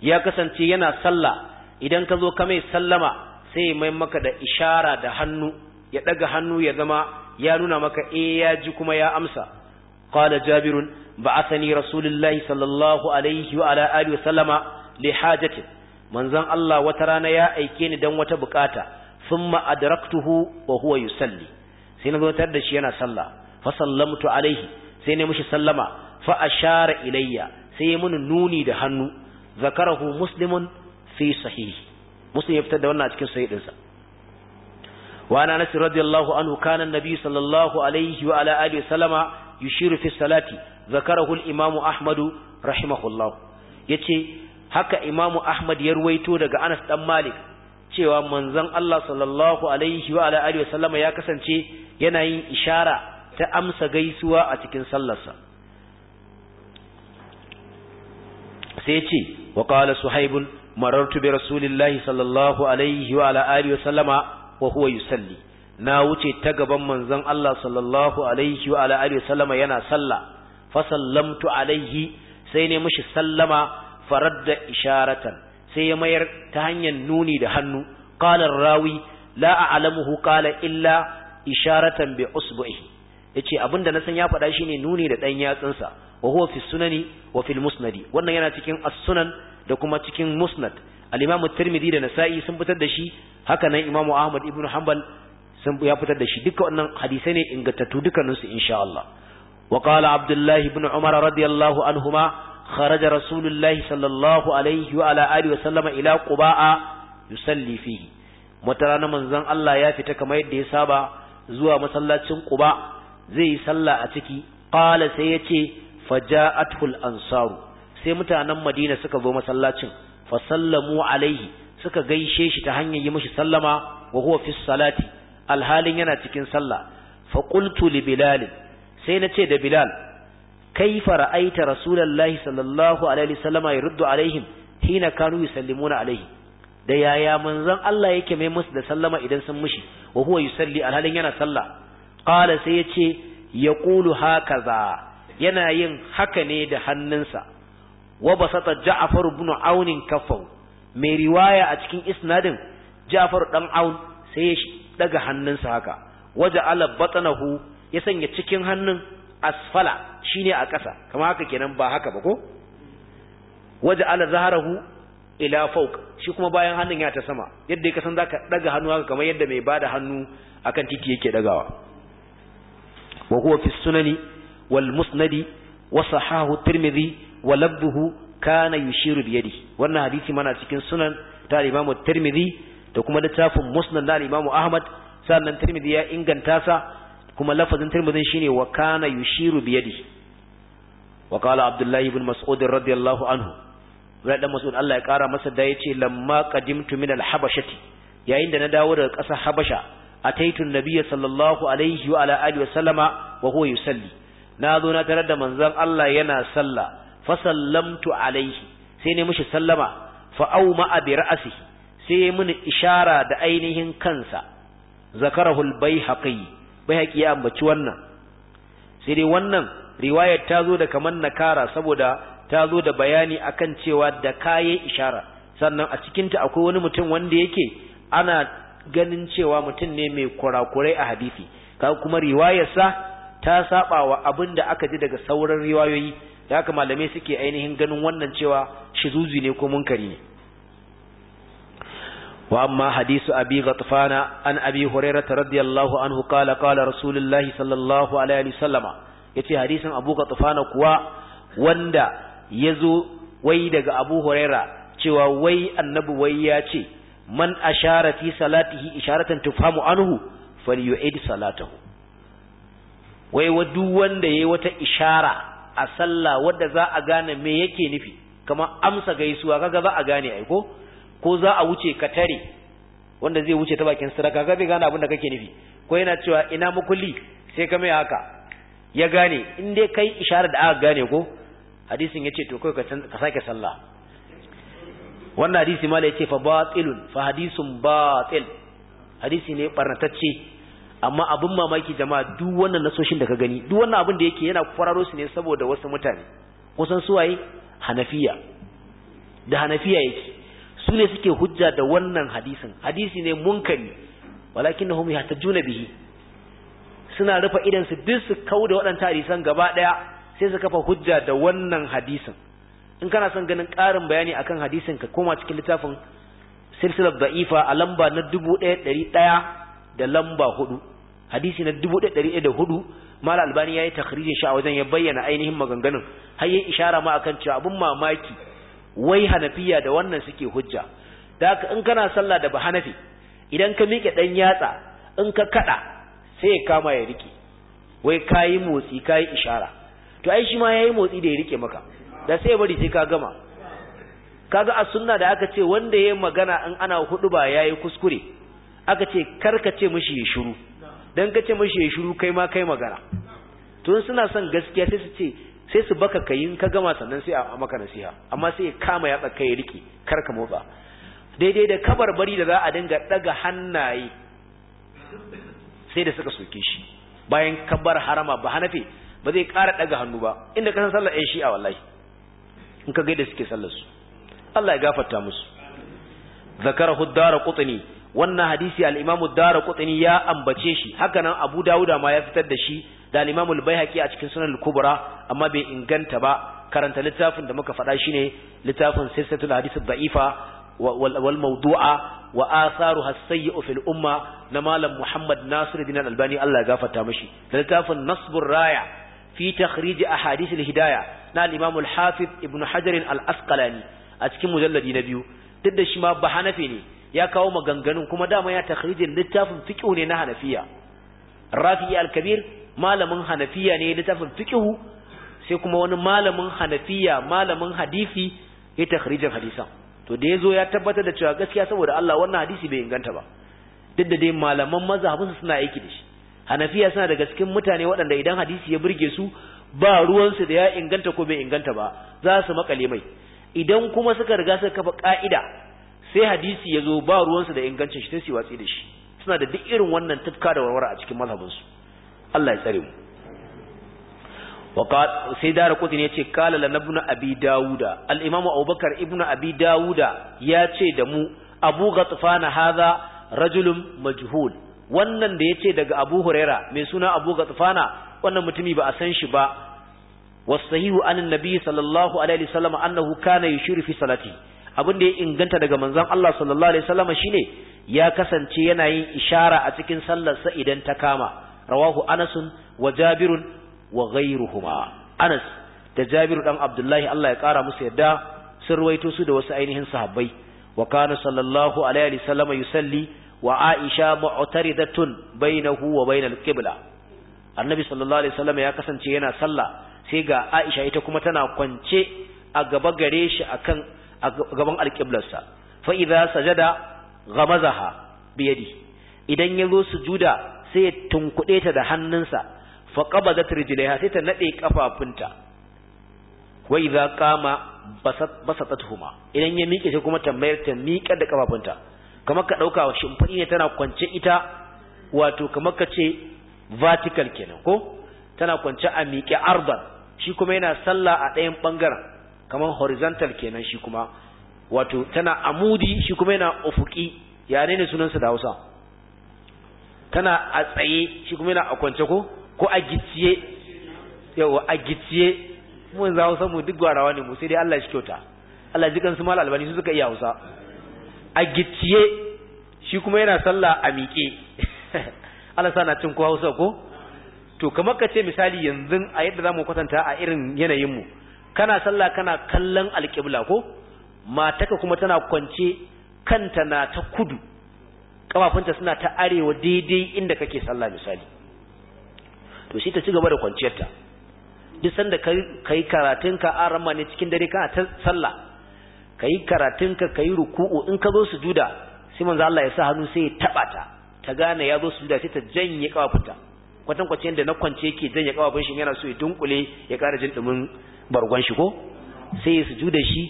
ya kasance yana sallah idan ka zo ka mai sallama sai mai maka da ishara da hannu ya daga hannu ya zama ya nuna maka eh ya ji kuma ya amsa qala jabirun ba'athani rasulullahi sallallahu alaihi wa ala alihi wa sallama li hajati manzon Allah wata rana ya aike ni dan wata bukata thumma adraktuhu wa huwa yusalli sai na zo tar da shi yana sallah fa sallamtu alaihi sai ne mushi sallama fa ashara ilayya sai ya mun nuni da hannu zakarahu muslimun fi sahihi muslim ya fitar da wannan a cikin sahihinsa وعن أنس رضي الله عنه كان النبي صلى الله عليه وعلى آله وسلم يشير في الصلاة ذكره الإمام أحمد رحمه الله يتي هكا إمام أحمد يرويتو دقى أنس دم مالك cewa manzon Allah sallallahu alaihi wa ala alihi wasallam ya kasance yana yin ishara ta amsa gaisuwa a cikin sallarsa sai ce wa qala suhaib marartu bi rasulillahi sallallahu wa wa huwa yusalli na wuce ta gaban manzon Allah sallallahu alaihi wa alihi sallama yana sallah fa sallamtu alaihi sai ne mishi sallama faradda isharatan sai ya mayar ta hanyar nuni da hannu qala rawi la a'lamuhu qala illa isharatan bi usbu'i yace abinda na san ya faɗa shine nuni da dan yatsunsa wa huwa fi sunani wa fil musnadi wannan yana cikin as-sunan da kuma cikin musnad al-Imam da Nasa'i sun fitar da shi haka Imam Ahmad ibn Hanbal sun ya fitar da shi duka wannan hadisai ne ingantattu dukkanin su insha Allah wa qala Umar radiyallahu anhuma kharaja Rasulullahi sallallahu alaihi wa ala alihi wa sallama ila Quba'a yusalli fihi mutaranan manzon Allah ya fita kamar yadda ya saba zuwa masallacin ƙuba zai yi sallah a ciki qala sai yace faja'atul ansaru sai mutanen Madina suka zo masallacin fa sallamu alaihi suka gaishe shi ta hanyar yi mishi sallama wa huwa fi salati alhalin yana cikin sallah fa qultu li bilal sai nace da bilal kaifa ra'aita rasulullahi sallallahu alaihi wasallama yurdu alaihim hina kanu yusallimuna alaihi da yaya manzon Allah yake mai musu da sallama idan sun mishi wa huwa yusalli alhalin yana sallah qala sai yace yaqulu hakaza yana yin haka ne da hannunsa wa basata ja'far ibn aun kaffau mai riwaya a cikin isnadin ja'far dan aun sai ya daga hannunsa haka ala batsanahu ya sanya cikin hannun asfala shine a ƙasa kama haka kenan ba haka ba ko ala zaharahu ila fawq shi kuma bayan hannun ya ta sama yadda ka san zaka daga hannu haka kamar yadda mai bada hannu akan titi yake dagawa wa huwa fi sunani wal musnadi wa sahahu tirmidhi wa labduhu kana yushiru bi wannan hadisi mana cikin sunan ta Imam Tirmidhi da kuma littafin Musnad na Imam Ahmad sannan Tirmidhi ya inganta sa kuma lafazin Tirmidhi shine wa kana yushiru bi yadihi wa qala Abdullah ibn Mas'ud radiyallahu anhu Abdullah dan Mas'ud Allah ya kara masa da yace lamma qadimtu min al-habashati yayin da na dawo daga kasar Habasha ataitu an-nabiyya sallallahu alaihi wa ala alihi wa sallama wa huwa yusalli na zo na tare da manzon Allah yana sallah Fasallamtu alaihi sai ne mishi sallama fa auma bi ra'si sai mini ishara da ainihin kansa zakarahu albayhaqi bai baihaqi ya ambaci wannan sai dai wannan riwayar ta zo da kaman nakara saboda ta zo da bayani akan cewa da kaye ishara sannan a cikin ta akwai wani mutum wanda yake ana ganin cewa mutum ne mai kurakurai a hadisi ka kuma sa ta saba wa abin da aka ji daga sauran riwayoyi da haka malamai suke ainihin ganin wannan cewa shizuzi ne ko munkari ne wa amma hadisu abi ghatfana an abi hurairah radiyallahu anhu qala qala rasulullahi sallallahu alaihi wasallama yace hadisin abu ghatfana kuwa wanda yazo wai daga abu hurairah cewa wai annabi wai ya ce man ashara fi salatihi isharatan tufhamu anhu falyu'id salatahu wai wa duk wanda yayi wata ishara a sallah wadda za a gane me yake nufi kama amsa gaisuwa kaga za a gane ai ko ko za a wuce ka tare wanda zai wuce ta bakin saraka kaga zai gane abin da kake nufi ko yana cewa ina mukulli sai ka mai haka ya gane in dai kai isharar da aka gane ko hadisin yace to kai ka sake sallah wannan hadisi mala yace fa batilun fa hadisun batil hadisi ne barnatacce amma abin mamaki jama'a duk wannan nasoshin da ka gani duk wannan abin da yake yana kwararo su ne saboda wasu mutane kusan su waye hanafiya da hanafiya yake su ne suke hujja da wannan hadisin hadisi ne munkari walakin hum yahtajuna bihi suna rufa idan su duk su kauda waɗannan hadisan gaba ɗaya sai su kafa hujja da wannan hadisin in kana son ganin ƙarin bayani akan hadisin ka koma cikin littafin silsilar da'ifa a lamba na dubu ɗaya ɗari ɗaya da lamba hudu hadisi na 1104 mal albani yayi takhrijin shi a wajen ya bayyana ainihin maganganun har yayi ishara ma akan cewa abun mamaki wai hanafiya da wannan suke hujja da haka in kana sallah da bahanafi idan ka mike dan yatsa in ka kada sai ya kama ya rike wai kayi motsi kayi ishara to ai shi ma yayi motsi da ya rike maka da sai bari sai ka gama kaga a sunna da aka ce wanda yayi magana in ana hudu ba yayi kuskure aka ce karka ce mashi ya shiru dan ka ce mashi ya shiru kai ma kai magana tun suna son gaskiya sai su ce sai su baka ka yi ka gama sannan sai a maka nasiha amma sai ya kama ya tsaka ya riki karka motsa daidai da kabar bari da za a dinga daga hannaye sai da suka soke shi bayan kabar harama ba hanafi ba zai kara daga hannu ba inda kasan sallar ɗan a wallahi in ka gaida suke sallar su Allah ya gafarta musu zakarahu dara kutsuni wannan hadisi al-Imam ad-Darqutni ya ambace shi haka nan Abu Dawud ma ya fitar da shi da al-Imam al-Baihaqi a cikin Sunan al-Kubra amma bai inganta ba karanta littafin da muka faɗa shine littafin Silsilatul Hadith Ba'ifa. daifa wal mawdu'a wa atharuha as-sayyi'u fil umma na malam Muhammad Nasiruddin al-Albani Allah ya gafarta mishi da littafin Nasbur Raya fi takhrij ahadith al-hidayah na al-Imam al-Hafiz Ibn Hajar al-Asqalani a cikin mujalladi na biyu duk da shi ma ba hanafi ne ya kawo maganganun kuma dama ya takhrijin littafin fiqh ne na hanafiya rafi al-kabir malamin hanafiya ne littafin fiqh sai kuma wani malamin hanafiya malamin hadisi ya takhrijin hadisan to da yazo ya tabbatar da cewa gaskiya saboda Allah wannan hadisi bai inganta ba duk da dai malaman mazhabinsu suna aiki da shi hanafiya suna daga cikin mutane waɗanda idan hadisi ya burge su ba ruwansu da ya inganta ko bai inganta ba za su makale mai idan kuma suka riga suka kafa ka'ida sai hadisi ya zo ba ruwansu da ingancin shi sai su watsi da shi suna da duk irin wannan tufka da warwara a cikin mazhabinsu Allah ya tsare mu وقال سيدار قطن يتي قال لنا Dawuda, أبي داود الإمام Abi-Dawuda ya ce da mu, Abu أبو na هذا rajulun مجهول wannan da yace daga Abu Huraira mai suna Abu na? wannan mutumi ba a san shi ba sahihu anan nabi sallallahu alaihi wasallam annahu kana yushiru fi salati abin da ya inganta daga manzon Allah sallallahu alaihi wasallam shine ya kasance yana yin ishara a cikin sallarsa idan ta kama rawahu Anas wa Jabir wa ghayruhuma Anas da Jabir dan Abdullahi Allah ya kara musu yadda sun ruwaito su da wasu ainihin sahabbai wa kana sallallahu alaihi wasallam yusalli wa Aisha mu'taridatun bainahu wa bainal qibla Annabi sallallahu alaihi wasallam ya kasance yana sallah sai ga Aisha ita kuma tana kwance a gaba gare shi akan a gaban alƙiblarsa fa idza sajada ghamazaha bi yadi idan ya zo sujuda sai ya tunkuɗe ta da hannunsa fa qabadat rijlaiha sai ta nade kafafunta wa idza qama basatatuhuma idan ya miƙe sai kuma tambayar ta miƙa da kafafunta kamar ka dauka shimfiɗi ne tana kwance ita wato kamar ka ce vertical kenan ko tana kwance a miƙe arban shi kuma yana sallah a ɗayan ɓangaren kamar horizontal kenan shi kuma wato tana amudi shi kuma yana ufuki ya ne sunansa da Hausa tana a tsaye shi kuma yana a kwance ko ko a gitsiye yawa a gitsiye mun za Hausa mu duk gwarawa ne mu sai dai Allah shi kyauta Allah jikan su mal albani su suka iya Hausa a gitsiye shi kuma yana sallah a miƙe [laughs] Allah sana cin ko Hausa ko to kamar ka ce misali yanzu a yadda zamu kwatanta a irin yanayin mu kana sallah kana kallon alƙibla ko mataka kuma tana kwance kanta na ta kudu kafafunta suna ta arewa daidai inda kake sallah misali to shi ta ci gaba da kwanciyarta duk sanda kai karatun ka arama ne cikin dare kana ta sallah kai ka kai ruku'u in ka zo sujuda sai manzo Allah ya sa hannu sai ya taba ta ta gane ya zo sujuda sai ta janye kafafunta kwatan kwace yanda na kwance yake janye kafafun shi yana so ya dunkule ya kara jin dumin bargon shi ko sai ya sujuda shi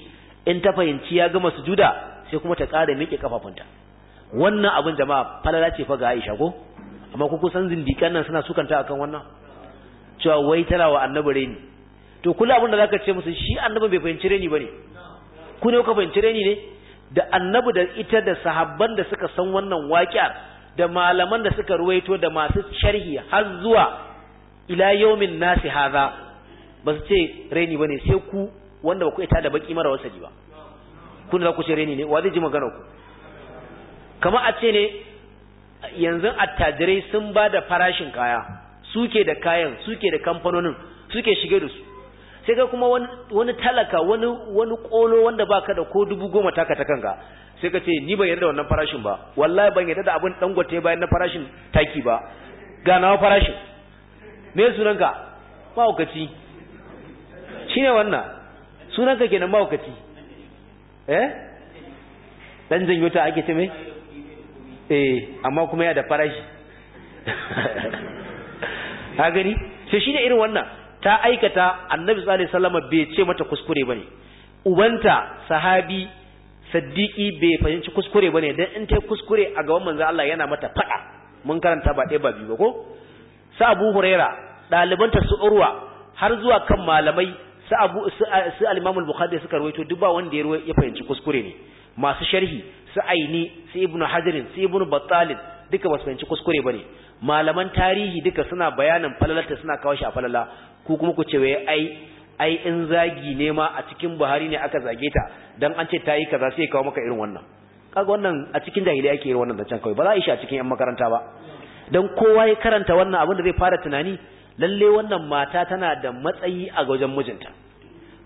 in ta fahimci ya gama sujuda sai kuma ta ƙara miƙe kafafunta wannan abin jama'a falala ce fa ga Aisha ko amma ku kusan zindikan nan suna sukanta akan wannan cewa wai tana wa annabi reni to kula abin da zaka ce musu shi annabi bai fahimci reni bane ku ne ku fahimci reni ne da annabi da ita da sahabban da suka san wannan waƙiyar da malaman da suka ruwaito da masu sharhi har zuwa ila yawmin nasi hadha ba su ce reni bane sai ku wanda ba ku ita da baki mara wasali ba kun za ku ce reni ne wa zai ji magana ku kamar a ce ne yanzu attajirai sun ba da farashin kaya suke da kayan suke da kamfanonin suke shige da su sai ga kuma wani talaka wani wani kolo wanda baka da ko dubu goma taka ta kanka sai ka ce ni ban yarda wannan farashin ba wallahi ban yarda da abin dangote bayan na farashin taki ba ga nawa farashin me sunanka mahaukaci shine wannan sunanka kenan mahaukaci eh dan janyota ake ce mai eh amma kuma ya da farashi ha [laughs] gani sai shine irin wannan ta aikata annabi sallallahu alaihi wasallam bai ce mata kuskure bane ubanta sahabi saddiki bai fahimci kuskure bane dan in tai kuskure a gaban manzo Allah yana mata fada mun karanta ba ɗaya ba biyu ba ko sa Abu Huraira ɗalibanta su urwa har zuwa kan malamai su abu su al-Imam al-Bukhari suka ruwaito duk ba wanda ya fahimci kuskure ne masu sharhi su Aini su Ibn Hajar su Ibn Battal duka ba su fahimci kuskure bane malaman tarihi duka suna bayanin falalata suna kawo shi a falala ku kuma ku ce waye ai ai in zagi ne ma a cikin Buhari ne aka zage ta dan an ce tayi kaza sai kawo maka irin wannan kaga wannan a cikin jahiliya yake irin wannan da can kawai ba za a yi shi a cikin yan makaranta ba dan kowa ya karanta wannan abin da zai fara tunani lalle wannan mata tana da matsayi a wajen mijinta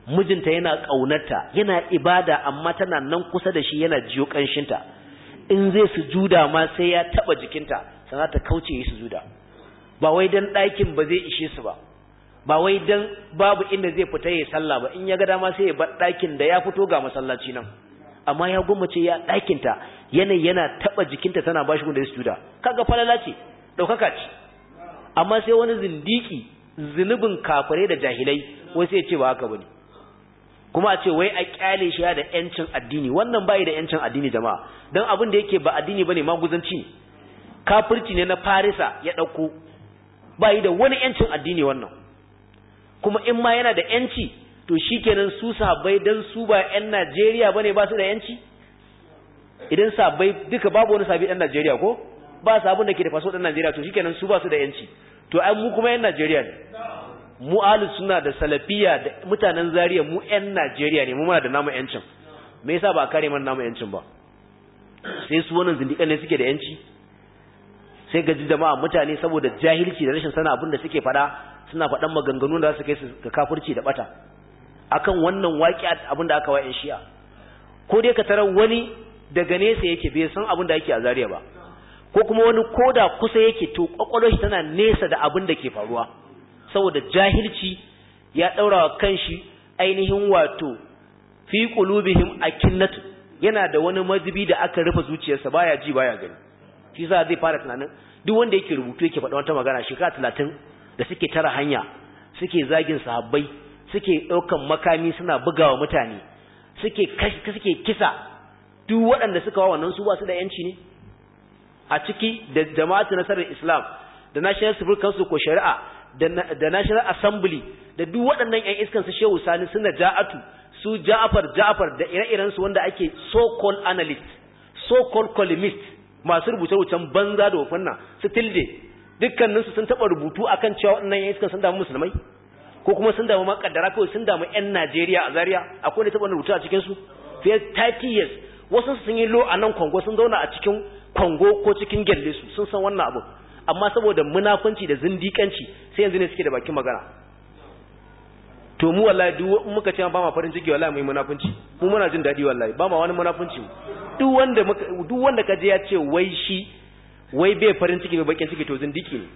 mijinta yana ƙaunarta yana ibada amma tana nan kusa da shi yana jiyo ƙanshinta in zai su juda ma sai ya taɓa jikinta sana ta kauce yi juda. ba wai dan ɗakin ba zai ishe su ba ba wai dan babu inda zai fita ya sallah ba in ya ga dama sai ya bar ɗakin da ya fito ga masallaci nan amma ya gwammace ya ɗakinta yanayi yana taɓa jikinta tana ba shi gunda kaga falala ce ɗaukaka ce amma sai wani zindiki zunubin kafare da jahilai wai sai ce ba haka bane kuma a ce wai a kyale shi da yancin addini wannan bai da yancin addini jama'a dan abin da yake ba addini bane maguzanci ne kafirci ne na farisa ya dauko bai da wani yancin addini wannan kuma in ma yana da yanci to shikenan su sabai dan su ba yan Najeriya bane ba su da yanci idan sahabbai duka babu wani sahabi dan Najeriya ko ba abin da ke da faso ɗan Najeriya to shikenan su ba su da yanci to ai mu kuma yan Najeriya ne mu ahlus sunna da salafiya da mutanen Zariya mu yan Najeriya ne mu muna da namu yancin me yasa ba kare mana namu yancin ba sai su wannan zindikan ne suke da yanci sai gaji jama'a mutane saboda jahilci da rashin sana abin da suke fada suna fadan maganganu da su kai su ga kafirci da bata akan wannan waqi'a abin da aka wa'in shi'a ko dai ka tarar wani daga nesa yake bai san abin da yake a Zariya ba ko kuma wani koda kusa yake to kwakwalwar shi tana nesa da abin da ke faruwa saboda jahilci ya daura wa kanshi ainihin wato fi qulubihim akinnat yana da wani mazubi da aka rufe zuciyarsa baya ji baya gani shi za zai fara tunanin duk wanda yake rubutu yake faɗa wata magana shekara talatin da suke tara hanya suke zagin sahabbai suke ɗaukan makami suna bugawa mutane suke kisa duk waɗanda suka wa wannan su ba su da yanci ne a ciki da jama'atu nasarar islam da national civil council ko shari'a da national assembly da duk waɗannan 'yan iskan su shehu sani suna ja'atu su ja'afar ja'afar da ire-irensu wanda ake so-called analyst so-called columnist masu rubuce-rubucen banza da wafanna su tilde dukkaninsu sun taɓa rubutu akan cewa waɗannan 'yan iskan sun damu musulmai ko kuma sun damu makaddara kawai sun damu 'yan najeriya a zaria akwai ne taɓa rubutu a cikinsu fiye 30 years wasu sun yi lo a nan kwango sun zauna a cikin kwango ko cikin gyalle su sun san wannan abu amma saboda munafunci da zindikanci sai yanzu ne suke da bakin magana to mu wallahi duk muka ce ba ma farin ciki wallahi mai munafunci mu muna jin dadi wallahi ba ma wani munafunci duk wanda duk wanda kaje ya ce wai shi wai bai farin ciki bai bakin ciki to zindiki ne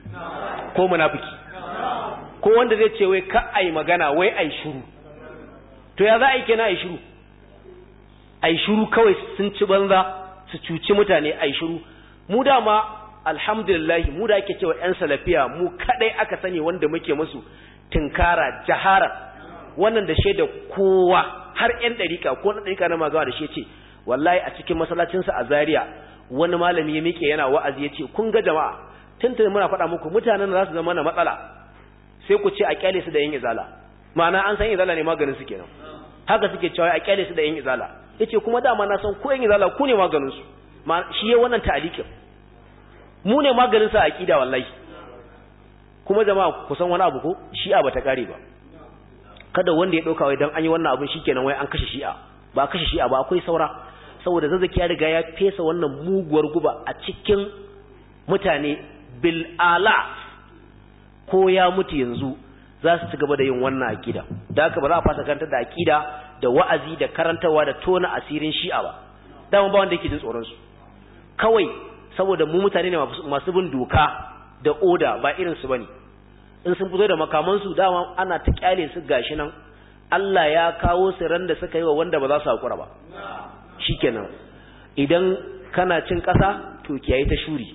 ko munafiki ko wanda zai ce wai ka ai magana wai ai shiru to ya za a yi kenan ai shiru ai shiru kawai sun ci banza su cuci mutane a shiru mu dama alhamdulillah mu da ake cewa 'yan salafiya mu kadai aka sani wanda muke musu tinkara jahara wannan da shaida kowa har 'yan dariƙa ko na dariƙa na magawa da shi ce wallahi a cikin masallacinsa a zaria wani malami ya mike yana wa'azi ya ce kun ga jama'a tuntun muna faɗa muku mutanen za su zama na matsala sai ku ce a kyale su da yin izala ma'ana an san izala ne maganin su kenan haka suke cewa a kyale su da yin izala yace kuma dama na san ko yan izala ku ne maganin su shi ya wannan ta'alikin mu ne maganin sa aqida wallahi kuma jama'a ku san wani abu ko shi'a bata kare ba kada wanda ya ɗauka wai dan an yi wannan abin shikenan wai an kashe shi'a ba kashe shi'a ba akwai saura saboda zazzaki ya riga ya fesa wannan muguwar guba a cikin mutane bil ala ko ya mutu yanzu za su ci gaba da yin wannan aqida da haka ba za a fasa kantar da aqida da wa'azi da karantawa da tona asirin shi'a ba dama ba wanda yake jin tsoron kawai saboda mu mutane ne masu bin doka da oda ba irin su bane in sun fito da makaman su dama ana ta kyale su gashi nan Allah ya kawo su ran da suka yi wa wanda ba za su hakura ba shikenan idan kana cin ƙasa to kiyaye ta shuri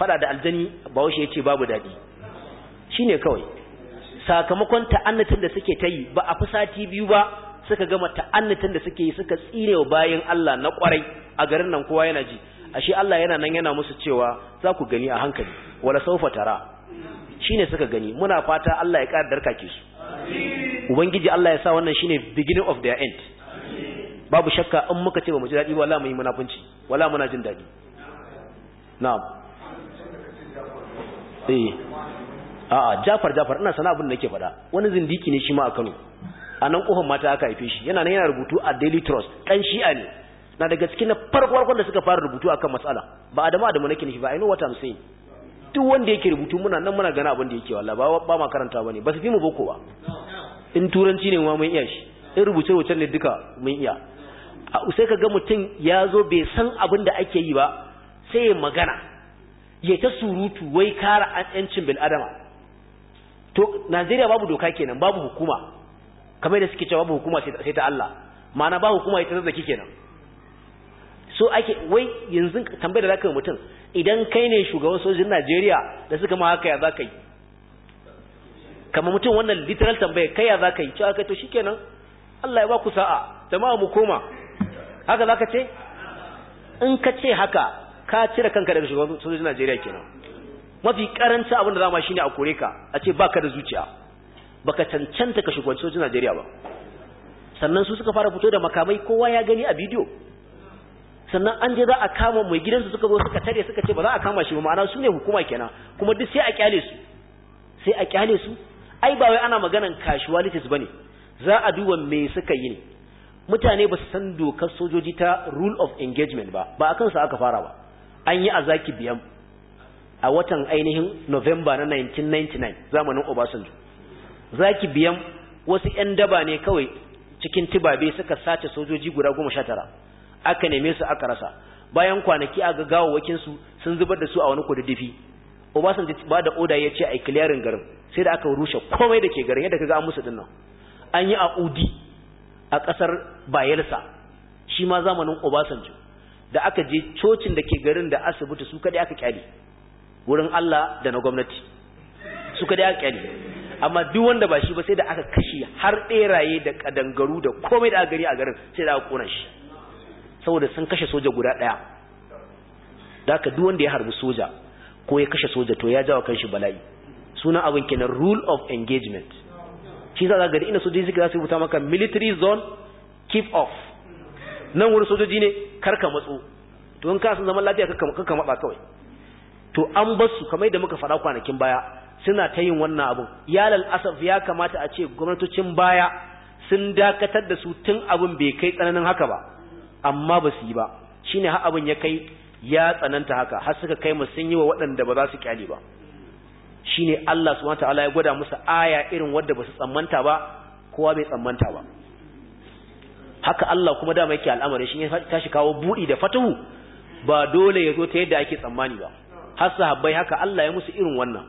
Faɗa da aljani ba ya ce babu daɗi shine kawai sakamakon ta'annatin da suke ta yi ba a fi sati biyu ba suka gama ta'annitin da suke yi suka tsire wa bayan Allah na kwarai a garin nan kowa yana ji ashe Allah yana nan yana musu cewa za ku gani a hankali wala saufa tara shine suka gani muna fata Allah ya ƙara darkake su ubangiji Allah ya sa wannan shine beginning of their end babu shakka in muka ce ba mu ji daɗi wala mu yi munafunci wala muna jin daɗi na'am eh a'a Jafar Jafar ina sana abin da nake faɗa wani zindiki ne shi ma a Kano a nan kofar mata aka haife shi yana nan yana rubutu a daily trust ɗan shi'a ne na daga cikin na farko farkon da suka fara rubutu akan matsala ba adamu adamu nake nufi ba i know what i'm saying duk wanda yake rubutu muna nan muna gana abin da yake wallahi ba ba ma karanta bane ba su fi mu boko ba in turanci ne ma mun iya shi in rubuce rubuce ne duka mun iya A sai ka ga mutum ya zo bai san abin da ake yi ba sai ya magana ya ta surutu wai kara yancin adama. to najeriya babu doka kenan babu hukuma kamar da suke cewa babu hukuma sai ta Allah ma'ana ba hukuma ita zaki kenan so ake wai yanzu tambayar da zaka yi mutum idan kai ne shugaban sojin Najeriya da suka ma haka ya zaka yi kamar mutum wannan literal tambaya kai ya zaka yi cewa kai to shikenan Allah ya ba ku sa'a jama'a mu koma haka zaka ce in ka ce haka ka cire kanka daga shugaban sojin Najeriya kenan mafi karanta abin da zama shine a kore ka a ce baka da zuciya baka cancanta ka shugabanci sojin Najeriya ba sannan su suka fara fito da makamai kowa ya gani a bidiyo sannan an je za a kama mai gidansu suka zo suka tare suka ce ba za a kama shi ba ma'ana su ne hukuma kenan kuma duk sai a kyale su sai a kyale su ai ba wai ana maganan casualties bane za a duba me suka yi ne mutane ba su san dokar sojoji ta rule of engagement ba ba akan su aka fara ba an yi a zaki biyan a watan ainihin November na 1999 zamanin Obasanjo zaki biyan wasu 'yan daba ne kawai cikin tibabe suka sace sojoji guda goma sha tara aka neme su aka rasa bayan kwanaki a gawawwakin su sun zubar da su a wani kududdufi Obasanjo ba da oda ya ce a kiliyarin garin sai da aka rushe komai da ke garin yadda kaga an musu dinnan an yi a Udi a ƙasar Bayelsa shi ma zamanin Obasanjo da aka je cocin da ke garin da asibiti su kadai aka kyale wurin Allah da na gwamnati su kadai aka kyale amma duk wanda ba shi ba sai da aka kashe har ɗeraye da kadangaru da komai da aka gari a garin sai da aka kona shi saboda sun kashe soja guda daya da aka duk wanda ya harbi soja ko ya kashe soja to ya jawo kanshi bala'i sunan abin kenan rule of engagement shi za ga gari ina sojoji suka zasu wuta maka military zone keep off nan wurin sojoji ne karka matso to in ka san zaman lafiya ka karka kawai to an basu kamar yadda muka fara kwanakin baya suna ta yin wannan abu yalal asaf ya kamata a ce gwamnatocin baya sun dakatar da su tun abin bai kai tsananin haka ba amma ba su yi ba shine har abin ya kai ya tsananta haka har suka kai mu sun yi wa waɗanda ba za su kyale ba shine Allah subhanahu ta'ala ya gwada musu aya irin wadda ba su tsammanta ba kowa bai tsammanta ba haka Allah kuma dama yake al'amari shi ya tashi kawo buɗi da fatuhu ba dole ya zo ta yadda ake tsammani ba har sahabbai haka Allah ya musu irin wannan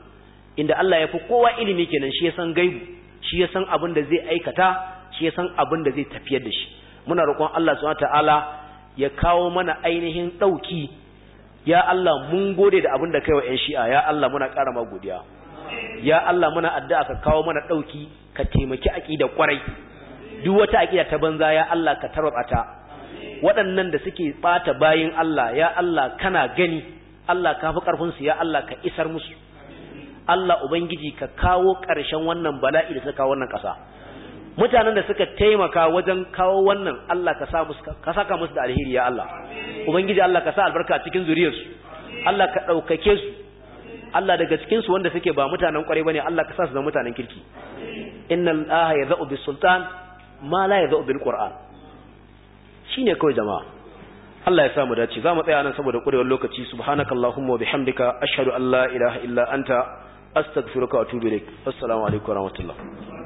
inda Allah ya fi kowa ilimi kenan shi ya san gaibu shi ya san abin da zai aikata shi ya san abin da zai tafiyar da shi muna roƙon Allah subhanahu ta'ala ya kawo mana ainihin ɗauki ya Allah mun gode da abin da kai wa 'yan shi'a ya Allah muna ƙara ma godiya ya Allah muna addu'a ka kawo mana ɗauki ka taimaki aƙida ƙwarai duk wata aƙida ta banza ya Allah ka tarwatsa waɗannan da suke ɓata bayin Allah ya Allah kana gani Allah ka fi ƙarfinsu ya Allah ka isar musu Allah ubangiji ka kawo ƙarshen wannan bala'i da suka kawo wannan ƙasa mutanen da suka taimaka wajen kawo wannan Allah ka sa musu ka saka musu da alheri ya Allah ubangiji Allah ka sa albarka cikin zuriyarsu Allah ka ɗaukake su Allah daga cikin su wanda suke ba mutanen kwarai bane Allah ka sa su zama mutanen kirki innal laha yadhu bis sultan ma la yadhu bil qur'an shine kawai jama'a Allah ya sa mu dace za mu tsaya nan saboda kurewar lokaci subhanakallahumma wa bihamdika ashhadu an la ilaha illa anta astaghfiruka wa atubu ilaik assalamu alaikum wa rahmatullah